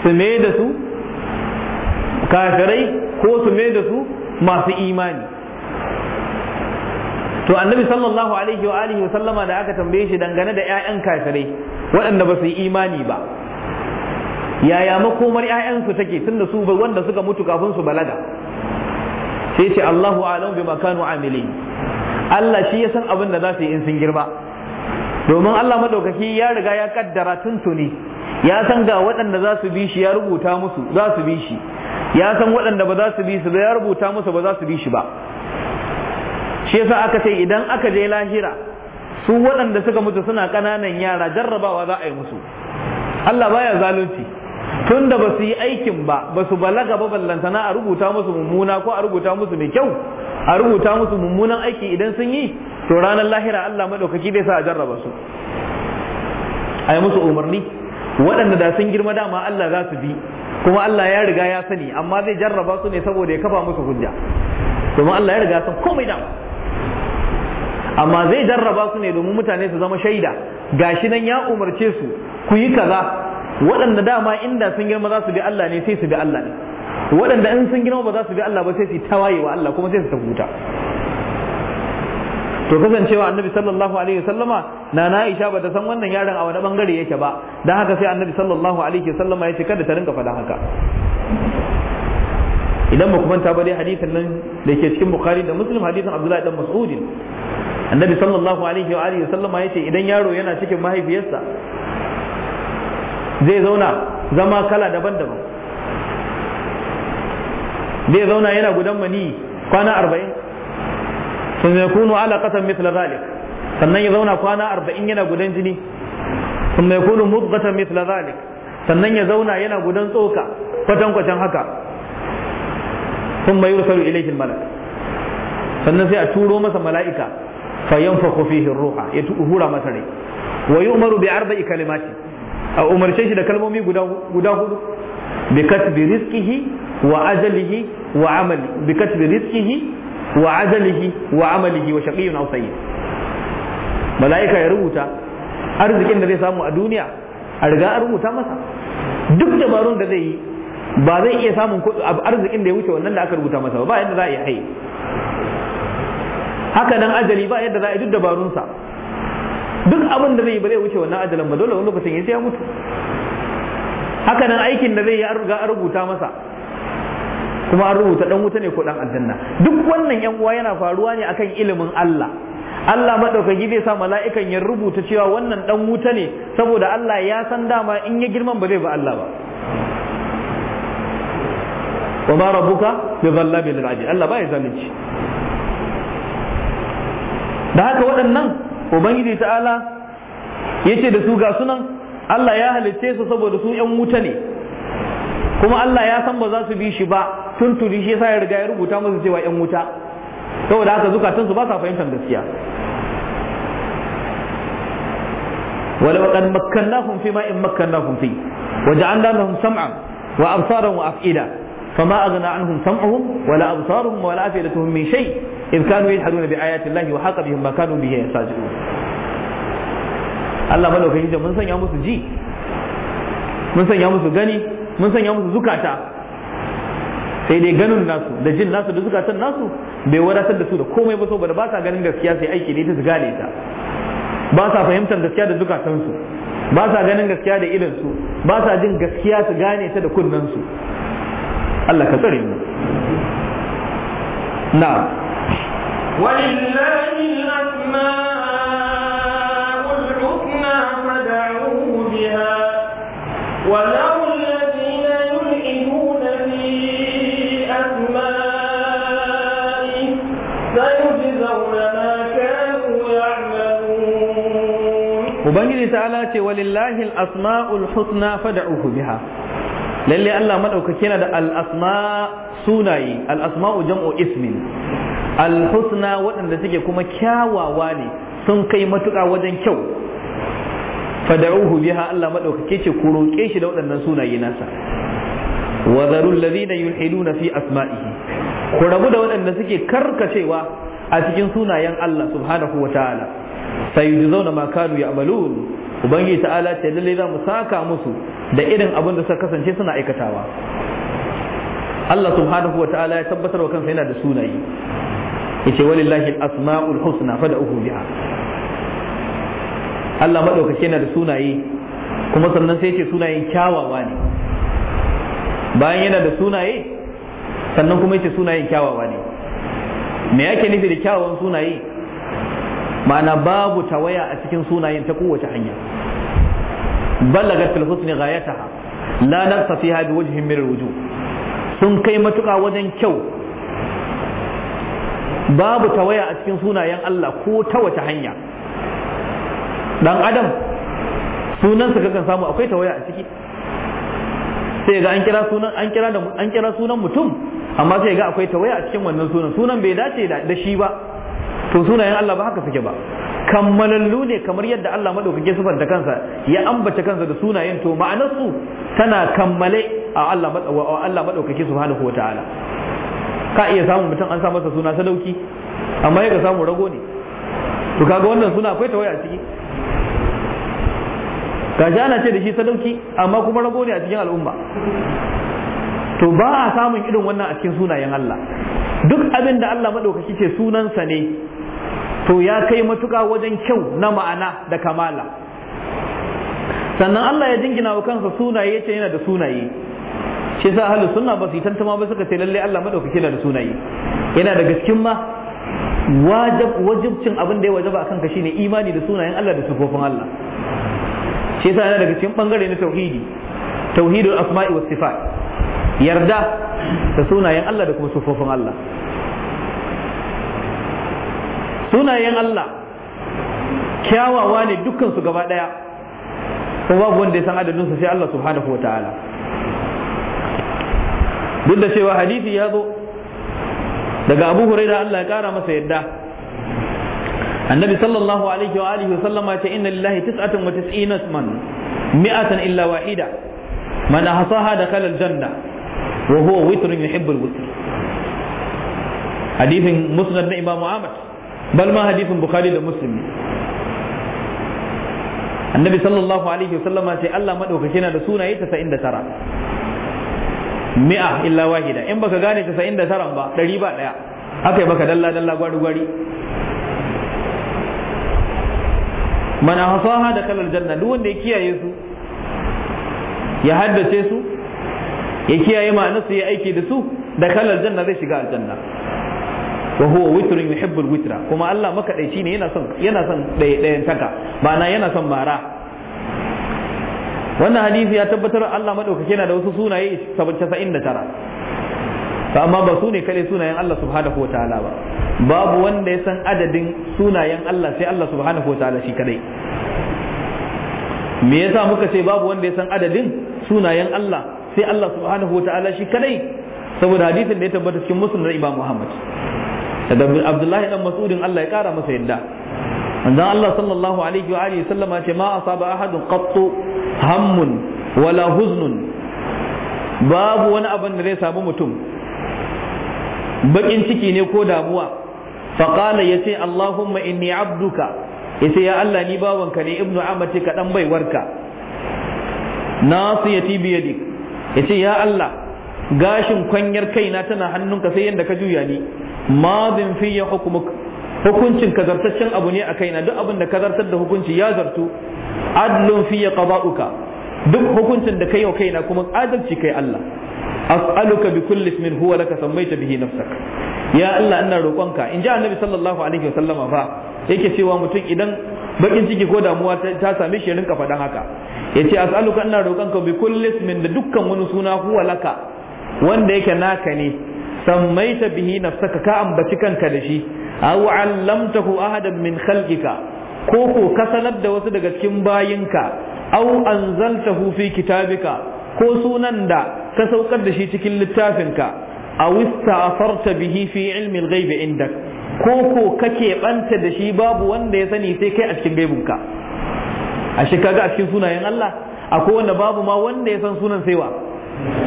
[SPEAKER 1] su me da su kafirai ko su me da su masu imani to annabi sallallahu alaihi wa alihi wa sallama da aka tambaye shi dangane da ƴaƴan kafirai waɗanda ba su yi imani ba yaya makomar ƴaƴansu take tunda su wanda suka mutu kafin su balaga sai ce Allahu a'lam bima kanu amilin Allah shi ya san abin da za su yi in sun girma domin Allah madaukaki ya riga ya kaddara tuntuni ya san ga waɗanda za su bi shi ya rubuta musu za su bi shi ya san waɗanda ba za su bi su ba ya rubuta musu ba za su bi shi ba shi yasa aka ce idan aka je lahira su waɗanda suka mutu suna kananan yara jarrabawa za a yi musu Allah baya zalunci Tunda da ba su yi aikin ba ba su balaga ba ballantana a rubuta musu mummuna ko a rubuta musu mai kyau a rubuta musu mummunan aiki idan sun yi to ranar lahira Allah maɗaukaki zai sa a jarraba su a yi musu umarni waɗanda da sun girma dama Allah za su bi kuma Allah ya riga ya sani amma zai jarraba su ne saboda ya kafa musu hujja domin Allah ya riga san komai dama amma zai jarraba su ne domin mutane su zama shaida gashi nan ya umarce su ku yi kaza waɗanda dama inda sun girma za su bi Allah ne sai su bi Allah ne waɗanda in sun girma ba za su bi Allah ba sai su tawaye wa Allah kuma sai su tafuta to kasancewa annabi sallallahu alaihi wasallama na na Aisha bata san wannan yaron a wani bangare yake ba dan haka sai annabi sallallahu alaihi sallama ya ce kada ta rinka faɗa haka idan ba kuma ta bari dai hadisin nan da ke cikin bukhari da muslim hadisin abdullahi dan mas'udin annabi sallallahu alaihi wa alihi sallama yace idan yaro yana cikin mahaifiyarsa zai zauna zama kala daban-daban zai zauna yana gudan mani kwana arba'in sun mai kunu alaƙatan mithla zalik sannan ya zauna kwana arba'in yana gudan jini sun mai kunu mutgatan mithla zalik sannan ya zauna yana gudan tsoka kwatankwacen haka sun mai yursalu ilaihin malak sannan sai a turo masa mala'ika fa yanfakhu fihi ruha ya hura masa rai wa umaru bi arba'i kalimati a umarce shi da kalmomi guda guda hudu bi kasbi rizqihi wa ajalihi wa amali bi kasbi rizqihi wa ajalihi wa amalihi wa shaqiyyun aw sayyid mala'ika ya rubuta arzikin da zai samu a duniya a riga a rubuta masa duk dabarun da zai yi ba zai iya samun arzikin da ya wuce wannan da aka rubuta masa ba yadda za a yi haye haka nan ajali ba yadda za a duk dabarunsa duk abin da zai ba zai wuce wannan ajalin ba dole wani lokacin ya ya mutu haka nan aikin da zai yi an an rubuta masa kuma an rubuta dan wuta ne ko dan aljanna duk wannan yan uwa yana faruwa ne akan ilimin Allah Allah madaukaki zai sa mala'ikan ya rubuta cewa wannan dan wuta ne saboda Allah ya san dama in ya girman ba zai ba Allah ba wa ma rabbuka bi dhallabil 'abid Allah ba ya zalunci da haka waɗannan ubangiji ta'ala ya ce da su ga sunan Allah ya halicce su saboda su ‘yan wuta ne kuma Allah ya san ba za su bi shi ba tun tuni shi yasa ya riga ya rubuta musu cewa ‘yan wuta saboda haka zukatansu ba sa fahimtar gaskiya ولو قد مكناهم فيما fi مكناهم فيه sam'a wa absaran wa Afida. فما أغنى عنهم سمعهم ولا أبصارهم ولا أفئدتهم من شيء إذ كانوا يجحدون بآيات الله وحاق بهم ما كانوا به يستهزئون Allah malaukakin da mun sanya musu ji mun sanya musu gani mun sanya musu zukata sai dai ganin nasu da jin nasu da zukatan nasu bai wadatar da su da komai ba saboda ba sa ganin gaskiya sai aiki ne ta su gane ta ba sa fahimtar gaskiya da zukatansu ba sa ganin gaskiya da idansu ba sa jin gaskiya su gane ta da su. Allah لك tsare
[SPEAKER 2] نعم ولله الأسماء الحسنى فدعوه بها وله الذين يلحدون في أسمائه سيجزون ما كانوا يعملون وبنجلس
[SPEAKER 1] على ولله الأسماء الحسنى فدعوه بها lalle Allah madaukake yana da al'asma sunaye al-asma'u jam'u ismin al-husna waɗanda suke kuma kyawawa ne sun kai matuƙa wajen kyau fada'uhu biha Allah madaukake ce ku roƙe shi da waɗannan sunaye nasa wa zarul ladina yulhiduna fi asma'ihi ku rabu da waɗanda suke karkacewa a cikin sunayen Allah subhanahu wa ta'ala sayujzauna ma kanu ya'malun ubangiji ta'ala ce lalle za mu saka musu da irin abin da suka kasance suna aikatawa Allah subhanahu wa ta'ala ya tabbatar wa kansa yana da sunaye yace walillahi al-asma'ul husna fad'uhu biha Allah madaukake yana da sunaye kuma sannan sai yace sunayen kyawawa ne bayan yana da sunaye sannan kuma yace sunayen kyawawa ne me yake nufi da kyawawan sunaye ma'ana babu tawaya a cikin sunayen ta kowace hanya balagat fil husni ghayataha la nafsa fiha bi wajhin min alwujuh sun kai matuƙa wajen kyau babu tawaya a cikin sunayen Allah ko ta wata hanya dan adam sunansa kakan samu akwai tawaya a ciki sai ga an kira sunan an kira da an kira sunan mutum amma sai ga akwai tawaya a cikin wannan sunan sunan bai dace da shi ba to sunayen Allah ba haka suke ba kammalallu ne kamar yadda Allah maɗaukake da kansa ya ambace kansa da sunayen to ma'anarsu tana kammale a Allah maɗaukake subhanahu wa ta'ala ka iya samun mutum an sa masa suna sadauki amma ya samu rago ne to kaga wannan suna akwai tawaya a ciki gashi ana ce da shi sadauki amma kuma rago ne a cikin al'umma to ba a samun irin wannan a cikin sunayen Allah duk abin da Allah maɗaukaki ce sunansa ne to ya kai matuƙa wajen kyau na ma'ana da kamala sannan Allah ya jingina wa kansa sunaye ce yana da sunaye shi sa ahlus sunna ba su tantama ba suka ce lalle Allah madaukake yana da sunaye yana da gaskin ma wajibcin abin da ya wajaba akan ka shine imani da sunayen Allah da sifofin Allah shi sa yana daga cikin bangare na tauhidi tauhidul asma'i was sifat yarda da sunayen Allah da kuma sifofin Allah sunayen Allah kyawawa ne dukkan gaba ɗaya kuma babu wanda ya san adadin sai Allah subhanahu wa ta'ala duk da cewa hadisi ya zo daga Abu da Allah ya kara masa yadda annabi sallallahu alaihi wa alihi sallama ta inna lillahi tis'atan wa tis'ina man mi'atan illa wahida man ahsaha dakhala al-janna wa huwa witrun yuhibbu al hadithin musnad na Imam Ahmad bal ma hadisin bukhari da muslim annabi sallallahu alaihi wasallama sai Allah madaukaki yana da sunaye 99 mi'a illa wahida in baka gane 99 ba 100 ba daya aka yi maka dalla dalla gwari gwari man ahsaha da kalal janna duk wanda ya kiyaye su ya haddace su ya kiyaye ma'anarsu ya aiki da su da kalar janna zai shiga aljanna wa huwa witrun yuhibbul witra kuma Allah makadaici ne yana son yana son dayan taka ma'ana yana son mara wannan hadisi ya tabbatar Allah madaukake yana da wasu sunaye 99 to amma ba su ne kare sunayen Allah subhanahu wa ta'ala ba babu wanda ya san adadin sunayen Allah sai Allah subhanahu wa ta'ala shi kadai me yasa muka ce babu wanda ya san adadin sunayen Allah sai Allah subhanahu wa ta'ala shi kadai saboda hadisin da ya tabbata cikin muslim na Imam Muhammad daga abdullahi dan mas'udin Allah ya kara masa yadda manzon Allah sallallahu alaihi wa alihi sallama ce ma asaba ahadun qattu hammun wala huznun babu wani abin da zai samu mutum bakin ciki ne ko damuwa faqala yace allahumma inni abduka yace ya Allah ni bawanka ne ibnu amati ka dan baiwarka nasiyati bi yadik yace ya Allah gashin kwanyar kaina tana hannunka sai yanda ka juya ni madin fi ya hukumuk hukuncin ka zartaccen abu ne a kaina duk abin da ka zartar da hukunci ya zartu adlun fi ya qada'uka duk hukuncin da kai wa kaina kuma adalci kai Allah as'aluka bi kulli ismin huwa laka sammaita bihi nafsak ya Allah ina roƙonka in ji annabi sallallahu alaihi wasallama fa yake cewa mutum idan bakin ciki ko damuwa ta same shi rinka faɗan haka yace as'aluka ina roƙonka bi kulli ismin da dukkan wani suna huwa laka wanda yake naka ne sammaita bihi nafsaka ka ambaci kanka da shi aw allamtahu ahadan min khalqika ko ko ka sanar da wasu daga cikin bayinka aw anzaltahu fi kitabika ko sunan da ka saukar da shi cikin littafinka aw ista'farta bihi fi ilmi al-ghaib indak ko ko kake banta da shi babu wanda ya sani sai kai a cikin gaibinka ashe kaga a cikin sunayen Allah akwai wanda babu ma wanda ya san sunan sai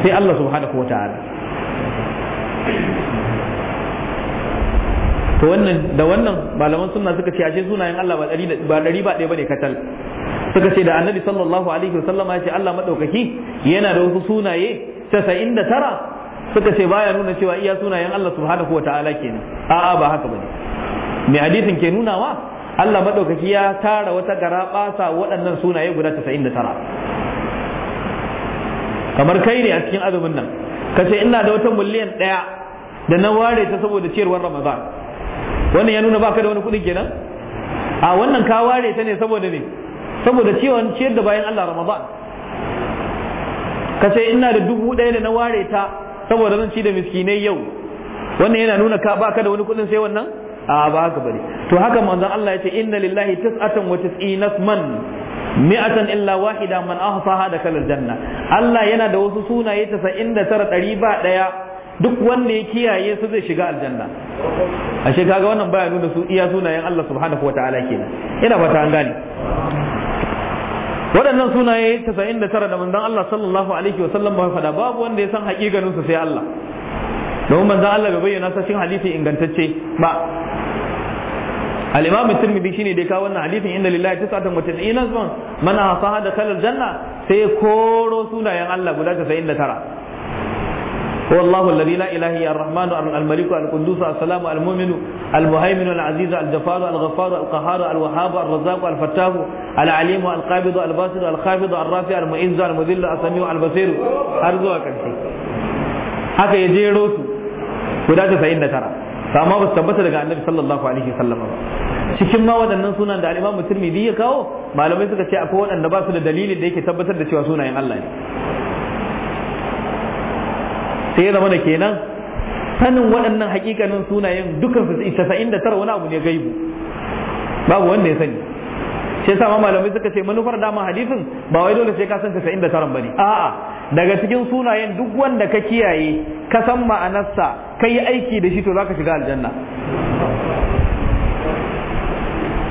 [SPEAKER 1] sai Allah subhanahu wataala to wannan da wannan malaman sunna suka ce ashe sunayen Allah ba ɗari ba ɗari ba ɗaya bane katal suka ce da annabi sallallahu alaihi wasallam ya ce Allah madaukaki yana da wasu sunaye 99 suka ce baya nuna cewa iya sunayen Allah subhanahu wataala kenan a'a ba haka bane me hadisin ke nuna wa Allah madaukaki ya tara wata gara basa waɗannan sunaye guda 99 kamar kai ne a cikin azumin nan kace ina da wata miliyan ɗaya da na ware ta saboda ciyarwar Ramadan wannan ya nuna baka da wani kuɗi kenan a wannan ka ware ta ne saboda ne saboda cewa ciyar da bayan Allah Ramadan ka ce ina da dubu ɗaya da na ware ta saboda zan ci da miskinai yau wannan yana nuna ka baka da wani kuɗin sai wannan a ba haka bane to haka manzon Allah ya ce inna lillahi tis'atan wa tis'ina man mi'atan illa wahida man ahsaha da kalal janna Allah yana da wasu sunaye 99 ɗari ba ɗaya duk wanda ya kiyaye su zai shiga aljanna ashe kaga wannan baya nuna su iya sunayen Allah subhanahu ta'ala kenan ina fata an gane waɗannan sunaye 99 da manzon Allah sallallahu alaihi wa sallam bai faɗa babu wanda ya san haƙiƙanin su sai Allah don manzon Allah bai bayyana sa cikin hadisi ingantacce ba al-imam at-tirmidhi shine dai ka wannan hadisin inna lillahi tis'atan wa tis'ina man hasaha da kalal janna sai koro sunayen Allah guda 99 هو الله الذي لا اله الا الرحمن الملك القدوس السلام المؤمن المهيمن العزيز الجبار الغفار القهار الوهاب الرزاق الفتاح العليم القابض الباسط الخافض الرافع المعز المذل السميع البصير ارجو اكنتي haka ya jero su guda tasa'in da tara amma ba su tabbata daga annabi sallallahu alaihi wasallam ba cikin ma waɗannan sunan da al turmi tirmidhi ya kawo malamai suka ce akwai waɗanda ba su da dalilin da yake tabbatar da cewa sunayen Allah ne sai ya zama kenan sanin waɗannan hakikanin sunayen dukkan su casa'in da tara wani abu ne gaibu babu wanda ya sani sai sa ma malamai suka ce manufar dama hadisin ba wai dole sai ka san casa'in da taran bane a'a daga cikin sunayen duk wanda ka kiyaye ka san ma'anarsa ka yi aiki da shi to zaka shiga aljanna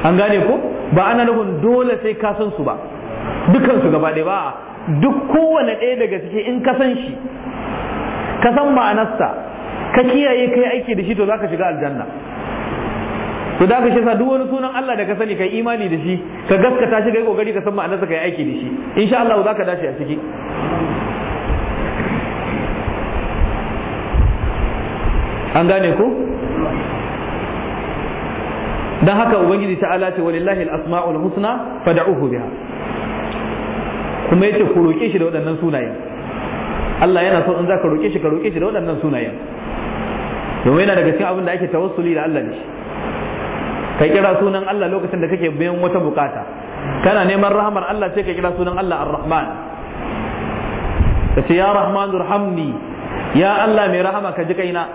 [SPEAKER 1] an gane ko ba ana nufin dole sai ka san su ba su gaba ɗaya ba duk kowane ɗaya daga cikin in ka san shi ka san ma'anarsa ka kiyaye kai aiki da shi to zaka shiga aljanna to da ka shesa duk wani sunan Allah da ka sani kai imani da shi ka gaskata shi kai kokari ka san ma'anarsa kai aiki da shi insha Allah zaka dace a ciki an gane ku dan haka ubangiji ta'ala ce walillahi al-asma'ul husna fad'uhu biha kuma yace ku roke shi da waɗannan sunayen Allah yana so in za ka roƙe shi ka roƙe shi da waɗannan sunayen domin yana daga cikin abin da ake tawassuli da Allah ne. ka kira sunan Allah lokacin da kake biyan wata bukata kana neman rahamar Allah sai ka kira sunan Allah ar-Rahman ka ce ya Rahman irhamni ya Allah mai rahama ka ji kaina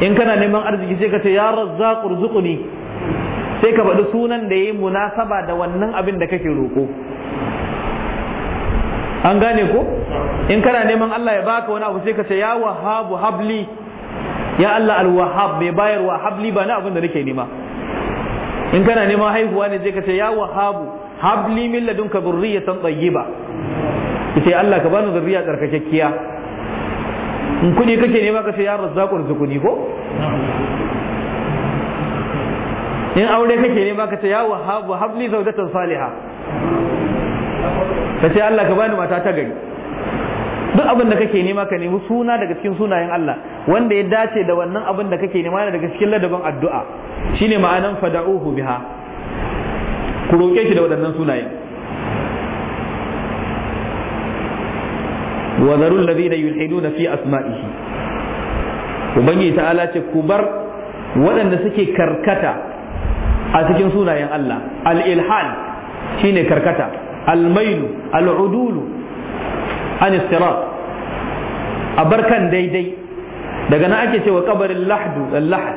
[SPEAKER 1] in kana neman arziki sai ka ce ya Razzaq urzuqni sai ka faɗi sunan da yayi munasaba da wannan abin da kake roko an gane ko in kana neman Allah ya baka wani abu sai ka ce ya wahabu habli ya Allah alwahab mai wa habli ba na abin da nake nema in kana neman haihuwa ne sai ka ce ya wahabu habli min ladunka dhurriyatan tayyiba ita Allah ka bani zurriya tsarkakekkiya in kuɗi kake nema ka ce ya razzaqur zukuni ko in aure kake nema ka ce ya wahabu habli zawjatan salihah ta ce Allah ka bani mata ta gari duk abin da kake nema ka nemi suna daga cikin sunayen Allah wanda ya dace da wannan abin da kake nema daga cikin ladabin addu'a shine ma'anan fada'uhu biha ku roƙe shi da waɗannan sunayen wa zarul ladina yulhiduna fi asma'ihi ubangiji ta'ala ce ku bar waɗanda suke karkata a cikin sunayen Allah al ilhan shine karkata almailu al'udulu an istirat a barkan daidai daga na ake cewa kabarin lahdu lahad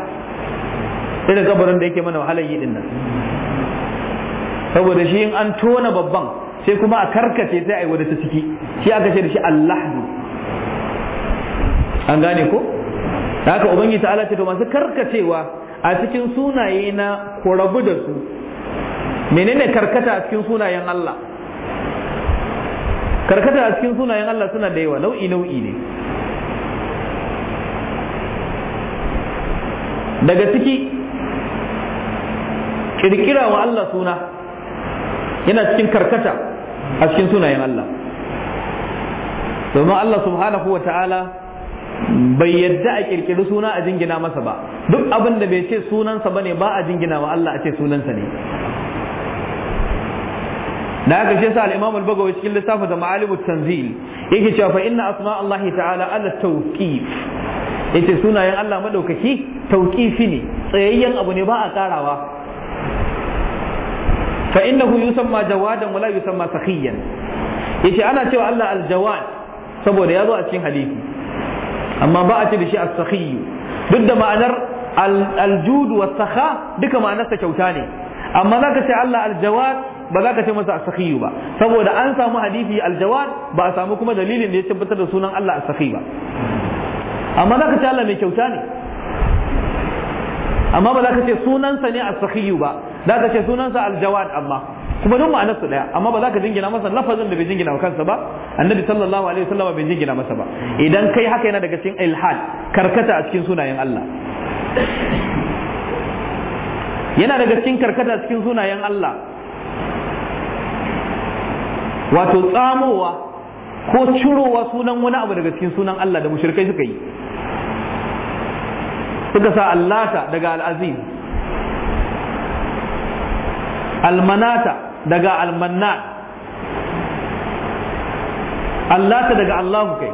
[SPEAKER 1] irin kabarin da yake mana wahalar yi dinnan saboda shi in an tona babban sai kuma a karkace sai a yi wadda ta ciki shi aka ce da shi allahdu an gane ko da haka ubangi ta ala ce to masu karkacewa a cikin sunaye na ku rabu da su menene karkata a cikin sunayen Allah karkata a cikin sunayen Allah suna da yawa nau'i nau'i ne daga ciki kirkira wa Allah suna yana cikin karkata a cikin sunayen Allah domin Allah subhanahu wa ta'ala bai yadda a kirkiri suna a jingina masa ba duk abin da bai ce sunansa ba ne ba a jingina wa Allah a ce sunansa ne da aka shi yasa al-Imam al-Bagawi cikin littafin da Ma'alim tanzil yake cewa fa inna asma Allah ta'ala ala tawqif yace sunayen Allah madaukaki tawqifi ne tsayayyen abu ne ba a karawa fa innahu yusamma jawadan wala yusamma sakhiyan yace ana cewa Allah al-jawad saboda ya zo a cikin hadisi amma ba a ce da shi as-sakhi duk da ma'anar al-jud wa sakha duka ma'anarsa kyauta ne amma zaka ce Allah al-jawad ba za ka ce masa asakhiyu ba saboda an samu hadisi aljawad ba a samu kuma dalilin da ya tabbatar da sunan Allah asakhi ba amma za ka ce Allah mai kyauta ne amma ba za ka ce sunansa ne asakhiyu ba za ka ce sunansa aljawad amma kuma duk ma'anar su daya amma ba za ka jingina masa lafazin da bai jingina kansa ba annabi sallallahu alaihi wasallam bai jingina masa ba idan kai haka yana daga cikin ilhad karkata a cikin sunayen Allah yana daga cikin karkata cikin sunayen Allah wato tsamowa ko cirowa sunan wani abu daga cikin sunan Allah da mushrikai suka yi suka sa allata daga al'azim almanata daga almanna allata daga allahu kai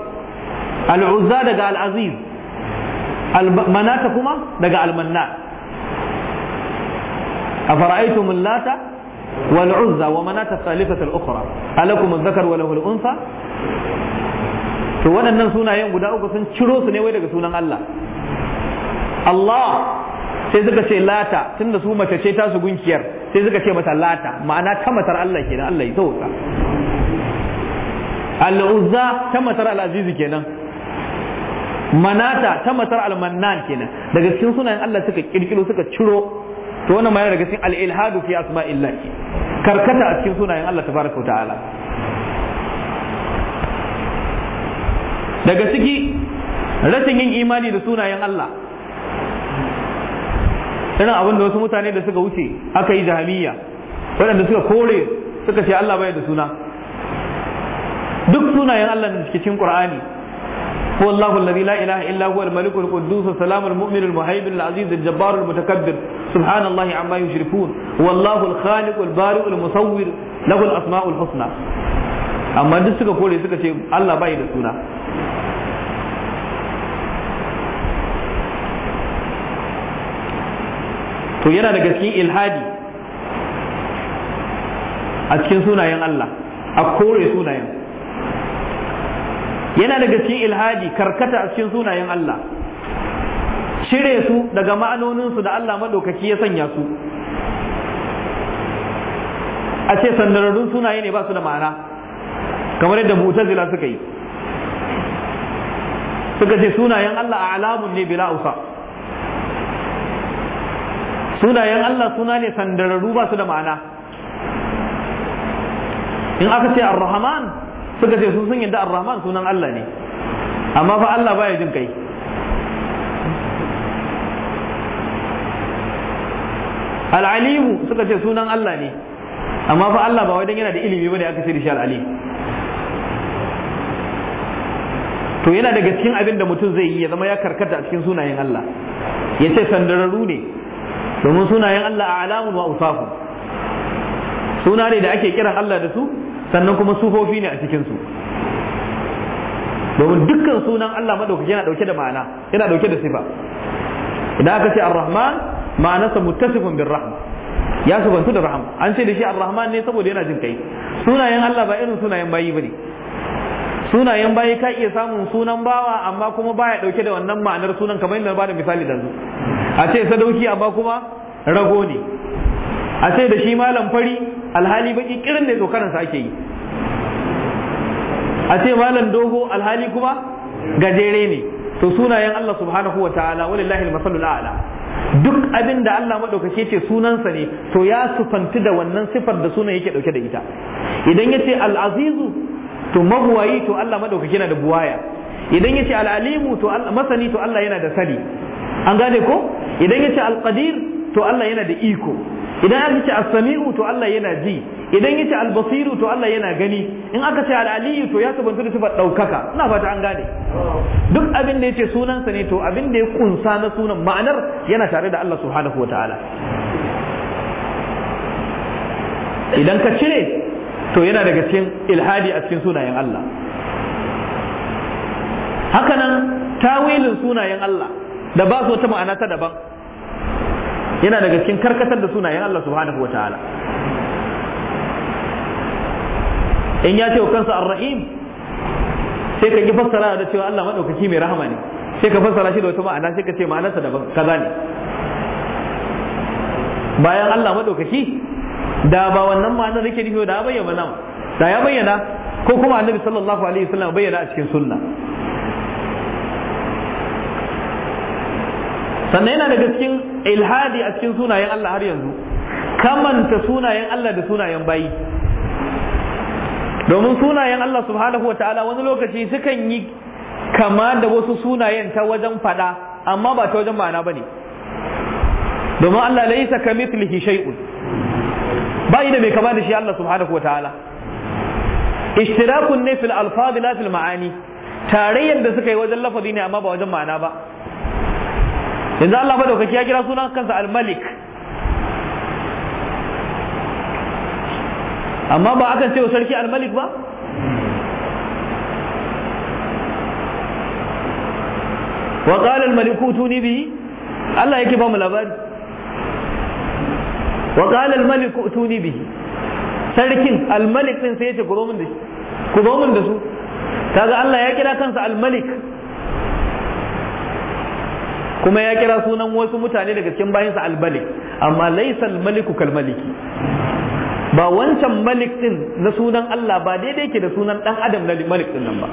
[SPEAKER 1] al'uzza daga al'azim. manata kuma daga almanna a fara'aitu mullata والعزى ومناة الثالثة الأخرى ألكم الذكر وله الأنثى to waɗannan sunayen guda uku sun ciro su ne wai daga sunan Allah Allah sai suka ce lata tunda su mace ce tasu gunkiyar sai suka ce mata lata ma'ana ta matar Allah kenan Allah ya sauka al-uzza ta matar al-aziz kenan manata ta matar al-mannan kenan daga cikin sunayen Allah suka kirkiro suka ciro to wannan ma yana daga cikin al-ilhadu fi asma'illah karkata a cikin sunayen Allah tabaraka ta'ala daga ciki rashin yin imani da sunayen Allah irin abin da wasu mutane da suka wuce aka yi jahamiyya waɗanda suka kore suka ce Allah bai da suna duk sunayen Allah da cikin Qur'ani هو الله الذي لا إله إلا هو الملك القدوس السلام المؤمن المهيمن العزيز الجبار المتكبر سبحان الله عما يشركون والله الخالق البارئ المصور له الأسماء الحسنى أما duk suka kore suka ce Allah bai da suna to yana da cikin ilhadi a cikin sunayen Allah a kore sunayen yana daga cikin ilhadi karkata a cikin sunayen Allah cire su daga ma'anoninsu da Allah maɗaukaki ya sanya su a ce sandararrun sunaye ne ba su da ma'ana kamar yadda mutazila suka yi suka ce sunayen Allah a alamun ne bila usa sunayen Allah suna ne sandararru ba su da ma'ana in aka ce ar-rahman suka ce su sun yadda ar-rahman sunan Allah ne amma fa Allah baya jin kai al suka ce sunan Allah ne amma fa Allah ba wai dan yana da ilimi bane aka ce da shi al to yana daga cikin abin da mutum zai yi ya zama ya karkata a cikin sunayen Allah ya ce sandararru ne domin sunayen Allah a alamun wa usafu suna ne da ake kiran Allah da su sannan kuma sufofi ne a cikinsu domin dukkan sunan Allah madaukaki yana dauke da ma'ana yana dauke da sifa idan aka ce ar-rahman ma'anarsa muttasifun bir rahma ya sabantu da rahama an ce da shi ar-rahman ne saboda yana jin kai sunayen Allah ba irin sunayen bayi bane sunayen bayi ka iya samun sunan bawa amma kuma baya dauke da wannan ma'anar sunan kamar yadda bada misali da zu a ce sadauki amma kuma rago ne a ce da shi malam fari alhali baki kirin ne sa ake yi a ce malam dogo alhali kuma gajere ne to sunayen Allah subhanahu wa ta'ala lahi almasalul a'la duk abin da Allah madaukake ce sunansa ne to ya sufanti da wannan sifar da sunan yake dauke da ita idan yace al-azizu to mabuwayi to Allah madaukake yana da buwaya idan yace al-alimu to masani to Allah yana da sani an gane ko idan yace al-qadir to Allah yana da iko idan aka ce as-sami'u to Allah yana ji idan yace al-basiru to Allah yana gani in aka ce al-aliyu to ya sabanta da sifar daukaka ina fata an gane duk abin da yace sunansa ne to abin da ya kunsa na sunan ma'anar yana tare da Allah subhanahu wataala
[SPEAKER 3] idan ka cire
[SPEAKER 1] to yana daga cikin ilhadi a cikin sunayen Allah hakanan tawilin sunayen Allah da ba su wata ma'ana ta daban yana daga cikin karkatar da sunayen Allah subhanahu wa ta'ala in ya ce wa kansa ar-rahim sai ka ki fassara da cewa Allah madaukaki mai rahama ne sai ka fassara shi da wata ma'ana sai ka ce ma'anarsa daban kaza ne bayan Allah madaukaki da ba wannan ma'anar yake nufi da ya bayyana da ya bayyana ko kuma annabi sallallahu alaihi wasallam bayyana a cikin sunna sannan yana daga cikin ilhadi a cikin sunayen Allah har yanzu kamanta sunayen Allah da sunayen bayi domin sunayen Allah subhanahu wataala wani lokaci sukan yi kama da wasu sunayen ta wajen fada amma ba ta wajen ma'ana bane domin Allah laisa kamithlihi shay'un bai da mai kama da shi Allah subhanahu wataala ishtirakun ne fil alfaz la fil ma'ani tarayyar da suka yi wajen lafazi ne amma ba wajen ma'ana ba yanzu Allah madaukaki ya kira sunan kansa al-malik amma ba akan ce wa sarki al-malik ba wa qala al-malik tuni bihi Allah yake ba mu labari wa qala al-malik tuni bihi sarkin al-malik din sai ya ce ku zo min da su kaga Allah ya kira kansa al-malik kuma ya kira sunan wasu mutane daga cikin bayansa al amma laysa al-maliku kal maliki ba wancan malik din na sunan Allah ba daidai ke da sunan dan adam na malik din nan ba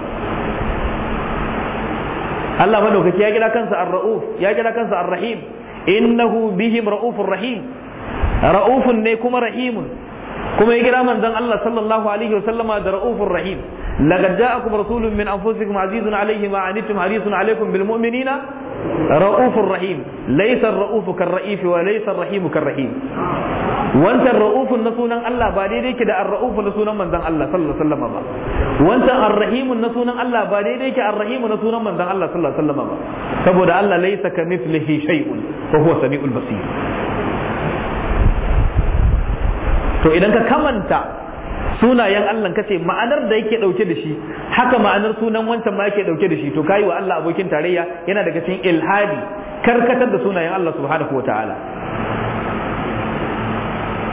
[SPEAKER 1] Allah madaukaki ya kira kansa ar-ra'uf ya kira kansa ar-rahim innahu bihim ra'ufur rahim ra'ufun ne kuma rahimun kuma ya kira manzon Allah sallallahu alaihi wasallama da ra'ufur rahim laqad ja'akum rasulun min anfusikum azizun alayhi ma anittum harisun alaykum bil mu'minina ra'ufur rahim laysa ra'ufu karra'if wa laysa rahimu karrahim wancan ra'ufun na sunan Allah ba daidai ke da ar-ra'ufu na sunan manzon Allah sallallahu alaihi ba wancan ar-rahimun na sunan Allah ba daidai ke ar-rahimu na sunan manzon Allah sallallahu alaihi ba saboda Allah laysa kamithlihi shay'un huwa to idan ka kamanta sunayen Allah kace ma'anar da yake dauke da shi haka ma'anar sunan wancan ma yake dauke da shi to kai wa Allah abokin tarayya yana daga cikin ilhadi karkatar da sunayen Allah subhanahu wataala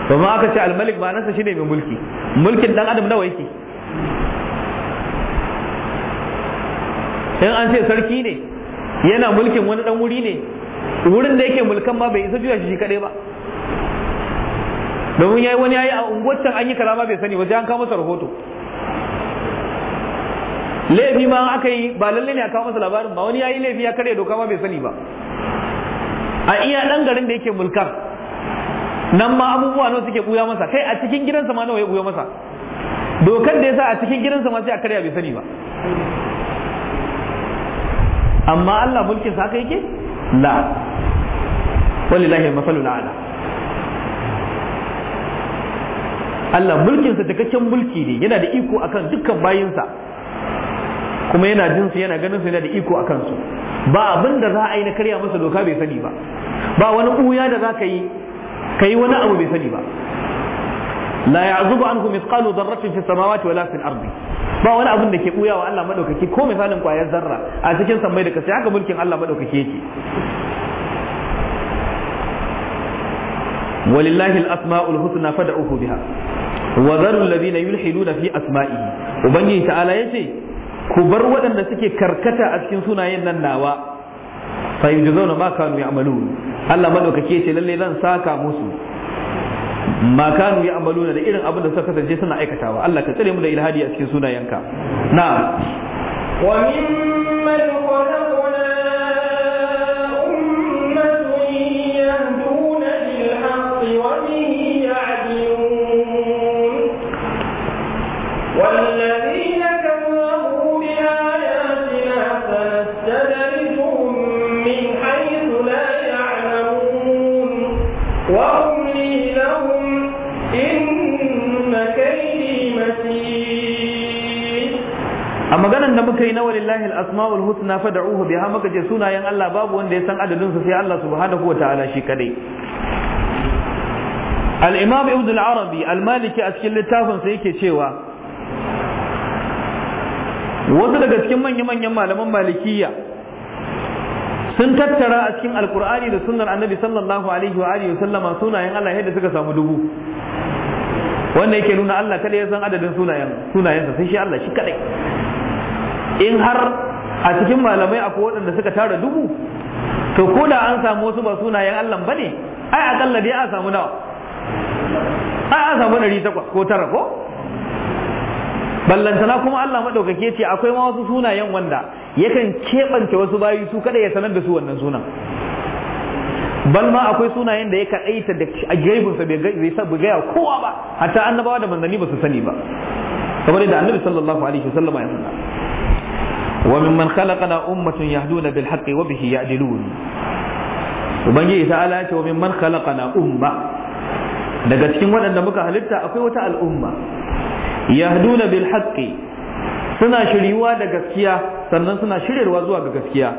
[SPEAKER 1] to ma aka ce al-malik ma'anarsa shine mai mulki mulkin dan adam nawa yake in an ce sarki ne yana mulkin wani dan wuri ne wurin da yake mulkan ma bai isa juya shi kadai ba domin ya yi wani yayi a unguwacin an yi karama ma bai sani ba sai an kawo masa rahoto laifi ma aka yi ba lalle ne a kawo masa labarin ba wani yayi laifi ya karya doka ma bai sani ba a iya dan garin da yake mulkar nan ma abubuwa nawa suke buya masa kai a cikin gidansa ma nawa ya buya masa dokar da yasa a cikin gidansa ma sai a karya bai sani ba amma Allah mulkin sa haka yake la wallahi masalul ala Allah mulkinsa cikakken mulki ne yana da iko akan dukkan bayinsa kuma yana jinsu yana ganin su yana da iko akan su ba abin da za a yi na karya masa doka bai sani ba ba wani uya da za ka yi ka yi wani abu bai sani ba la ya'zubu anhu mithqalu dharratin fi samawati wala fil ardi ba wani abin da ke buya wa Allah madaukake ko misalin kwayar zarra a cikin sammai da kasai haka mulkin Allah madaukake yake walillahi al-asma'ul husna fad'uhu biha wa dharu alladhina yulhiduna fi asma'ihi ubangiji ta'ala ya ce ku bar waɗanda suke karkata a cikin sunayen nan nawa fa yujzauna ma kanu ya'malun Allah madaukake ce lalle zan saka musu ma kanu ya'maluna da irin abin suka kasance suna aikatawa Allah ka tsare mu da ilhadi a cikin sunayenka na'am kai na walillahi al-asmaul husna fad'uhu biha maka je sunayen Allah babu wanda ya san adadin su sai Allah subhanahu wa ta'ala shi kadai al-imam ibn al-arabi al-maliki a cikin littafin sa yake cewa wasu daga cikin manya-manyan malaman malikiya sun tattara a cikin alkur'ani da sunnar annabi sallallahu alaihi wa alihi sallama sunayen Allah yadda suka samu dubu wannan yake nuna Allah kada ya san adadin sunayen sunayensa sai shi Allah shi kadai in har a cikin malamai akwai waɗanda suka tara dubu to ko da an samu wasu ba sunayen Allah bane ai akalla dai a samu nawa ai a samu 800 ko tara ko ballantana kuma Allah madaukake ce akwai ma wasu sunayen wanda yakan keɓance wasu bayi su kada ya sanar da su wannan sunan bal ma akwai sunayen da ya kaɗaita da a sa bai sa gaya kowa ba hatta annabawa da manzanni ba su sani ba kamar da annabi sallallahu alaihi wasallam ya sanar وممن خلقنا أمة يهدون بالحق وبه يعدلون ubangiji ta ala ce wa mimman khalaqana umma daga cikin waɗanda muka halitta akwai wata al'umma yahduna bil suna shiriwa da gaskiya sannan suna shiryarwa zuwa ga gaskiya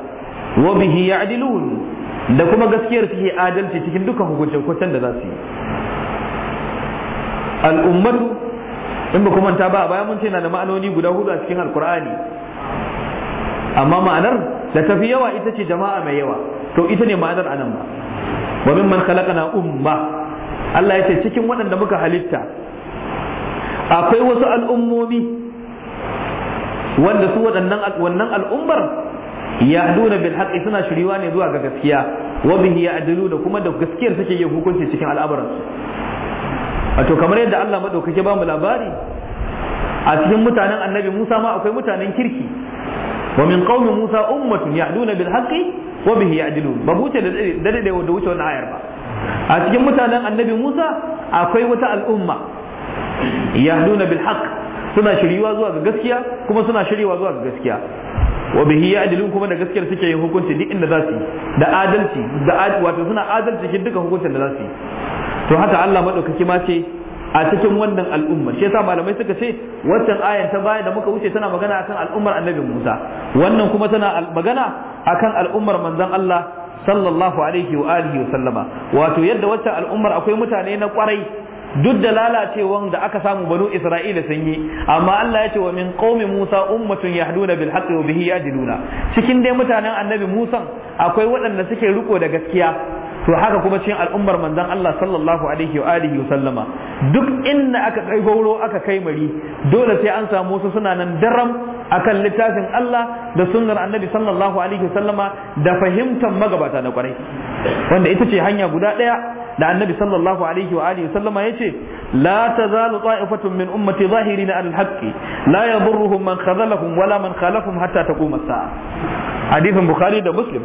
[SPEAKER 1] wa bihi da kuma gaskiyar suke adalci cikin dukkan hukunce hukuncen da za su yi al'ummatu in ba kuma ta ba a baya mun ce na da ma'anoni guda hudu a cikin alkur'ani amma ma'anar da tafi yawa ita ce jama'a mai yawa to ita ne ma'anar anan ba wa mimman khalaqana umma Allah ya ce cikin waɗanda muka halitta akwai wasu al'ummomi wanda su waɗannan wannan al'ummar yahduna bil haqqi suna shiriwa ne zuwa ga gaskiya wa bihi ya'diluna kuma da gaskiyar suke yin hukunci cikin al'amuran wato kamar yadda Allah madaukake ba mu labari a cikin mutanen annabi Musa ma akwai mutanen kirki wa min qaumi musa ummatun ya'duna bil haqqi wa bihi ya'dilun ba huce da dade da wuce wannan ayar a cikin mutanen annabi musa akwai wata al'umma ya'duna bil haqq suna shiriwa zuwa ga gaskiya kuma suna shiriwa zuwa ga gaskiya wa bihi ya'dilun kuma da gaskiyar suke yin hukunci duk inda za su da adalci wato suna adalci cikin duka hukuncin da za su to haka Allah madaukaki ma ce a cikin wannan al'umma shi yasa malamai suka ce waccan ayan ta baya da muka wuce tana magana akan al'ummar annabi Musa wannan kuma tana magana akan al'ummar manzon Allah sallallahu alaihi wa alihi wa sallama wato yadda waccan al'ummar akwai mutane na kwarai duk da lalacewan da aka samu banu Isra'ila sun yi amma Allah ya ce wa min qaumi Musa ummatun yahduna bil haqqi wa bihi yadiluna cikin dai mutanen annabi Musa akwai waɗanda suke riko da gaskiya to haka kuma cikin al'ummar manzon Allah sallallahu alaihi wa alihi wa sallama duk inda aka kai gauro aka kai mari dole sai an samu wasu suna nan daram akan littafin Allah da sunnar Annabi sallallahu alaihi wa sallama da fahimtar magabata na kwarai wanda ita ce hanya guda ɗaya da Annabi sallallahu alaihi wa alihi wa sallama yace la tazalu ta'ifatun min ummati zahirina al haqqi la yadurruhum man khadhalahum wala man khalafahum hatta taqum as-sa'a hadithin Bukhari da Muslim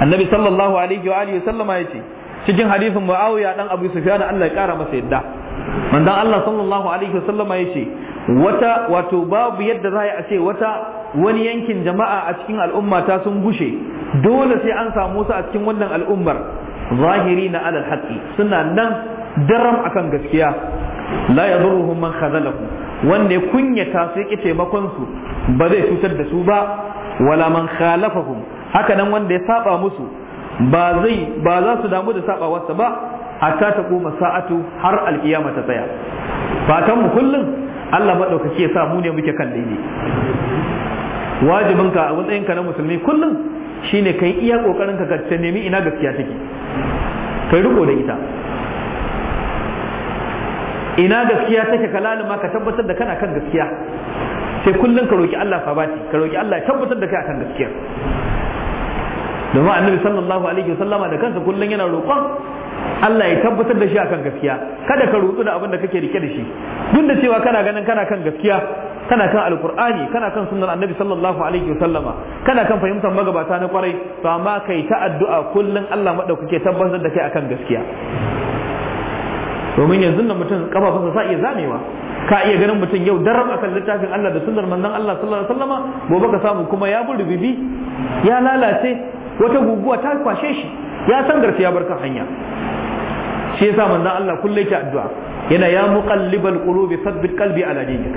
[SPEAKER 1] annabi sallallahu alaihi wa alihi sallama yace cikin hadisin muawiya dan abu sufyan Allah ya kara masa yadda manzon Allah sallallahu alaihi wa sallama yace wata wato babu yadda za a ce wata wani yankin jama'a a cikin al'umma ta sun gushe dole sai an samu su a cikin wannan al'ummar zahiri na alal haqqi suna nan daram akan gaskiya la yadurruhum man khazalahum wanda ya kunyata su yake taimakon su ba zai cutar da su ba wala man khalafahum haka nan wanda ya saba musu ba zai ba za su damu da wasa ba hatta ta kuma sa'atu har alkiyama ta tsaya fatan mu kullum Allah maɗaukaki ya sa mu ne muke kan daidai wajibinka a ka na musulmi kullum shine kai iya kokarin ka ka nemi ina gaskiya take kai riko da ita ina gaskiya take ka lalima ka tabbatar da kana kan gaskiya sai kullum ka roki Allah sabati ka roki Allah ya tabbatar da kai akan gaskiya domin annabi sallallahu alaihi wasallama da kansa kullum yana roƙon Allah ya tabbatar da shi akan gaskiya kada ka rutsu da abin da kake rike da shi duk da cewa kana ganin kana kan gaskiya kana kan alkur'ani kana kan sunnar annabi sallallahu alaihi wasallama kana kan fahimtar magabata na kwarai to amma kai ta addu'a kullum Allah madaukake tabbatar da kai akan gaskiya domin yanzu nan mutum kafafunsa sa iya zamewa ka iya ganin mutum yau daram akan littafin Allah da sunnar manzon Allah sallallahu alaihi wasallama gobe ka samu kuma ya bi ya lalace wata guguwa ta kwashe shi ya san sangarta ya bar kan hanya shi yasa manzon Allah kullai ke addu'a yana ya muqallibal qulubi thabbit qalbi ala dinik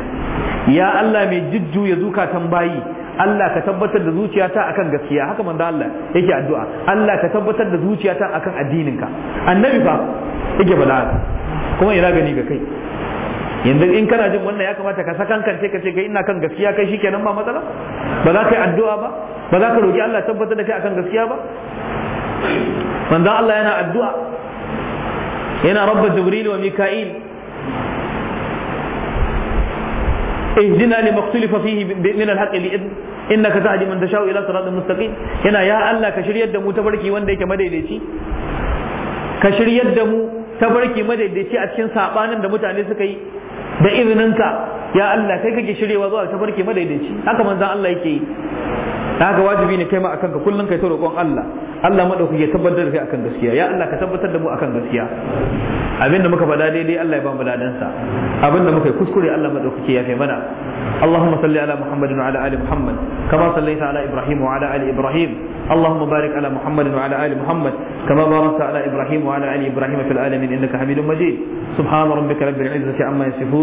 [SPEAKER 1] ya Allah mai jijju ya zukatan bayi Allah ka tabbatar da zuciyata akan gaskiya haka manzon Allah yake addu'a Allah ka tabbatar da zuciyata akan addininka annabi fa yake bala kuma ina gani ga kai yanzu in kana jin wannan ya kamata ka sakan kance ka ce ga ina kan gaskiya kai shikenan ba matsala ba za ka yi addu'a ba ba za ka roƙi Allah tabbatar da kai akan gaskiya ba manzo Allah yana addu'a yana rabba jibril wa mika'il ihdina li maktulifa fihi min alhaq li idn innaka tahdi man tashau ila siratin mustaqim yana ya Allah ka shiryar da mu tabarki wanda yake madaidaici ka shiryar da mu tabarki madaidaici a cikin sabanin da mutane suka yi da izininka ya Allah kai kake shirewa zuwa ta farke madaidaici haka manzon Allah yake yi haka wajibi ne kai ma akan ka kai ta roƙon Allah Allah madaukaki ya tabbatar da kai akan gaskiya ya Allah ka tabbatar da mu akan gaskiya abinda muka faɗa daidai Allah ya ba mu ladan sa abinda muka yi kuskure Allah madaukaki ya kai mana اللهم صل على محمد وعلى ال محمد كما صليت على ابراهيم وعلى ال ابراهيم اللهم بارك على محمد وعلى ال محمد كما باركت على ابراهيم وعلى ال ابراهيم في العالمين انك حميد مجيد سبحان ربك رب العزه عما يصفون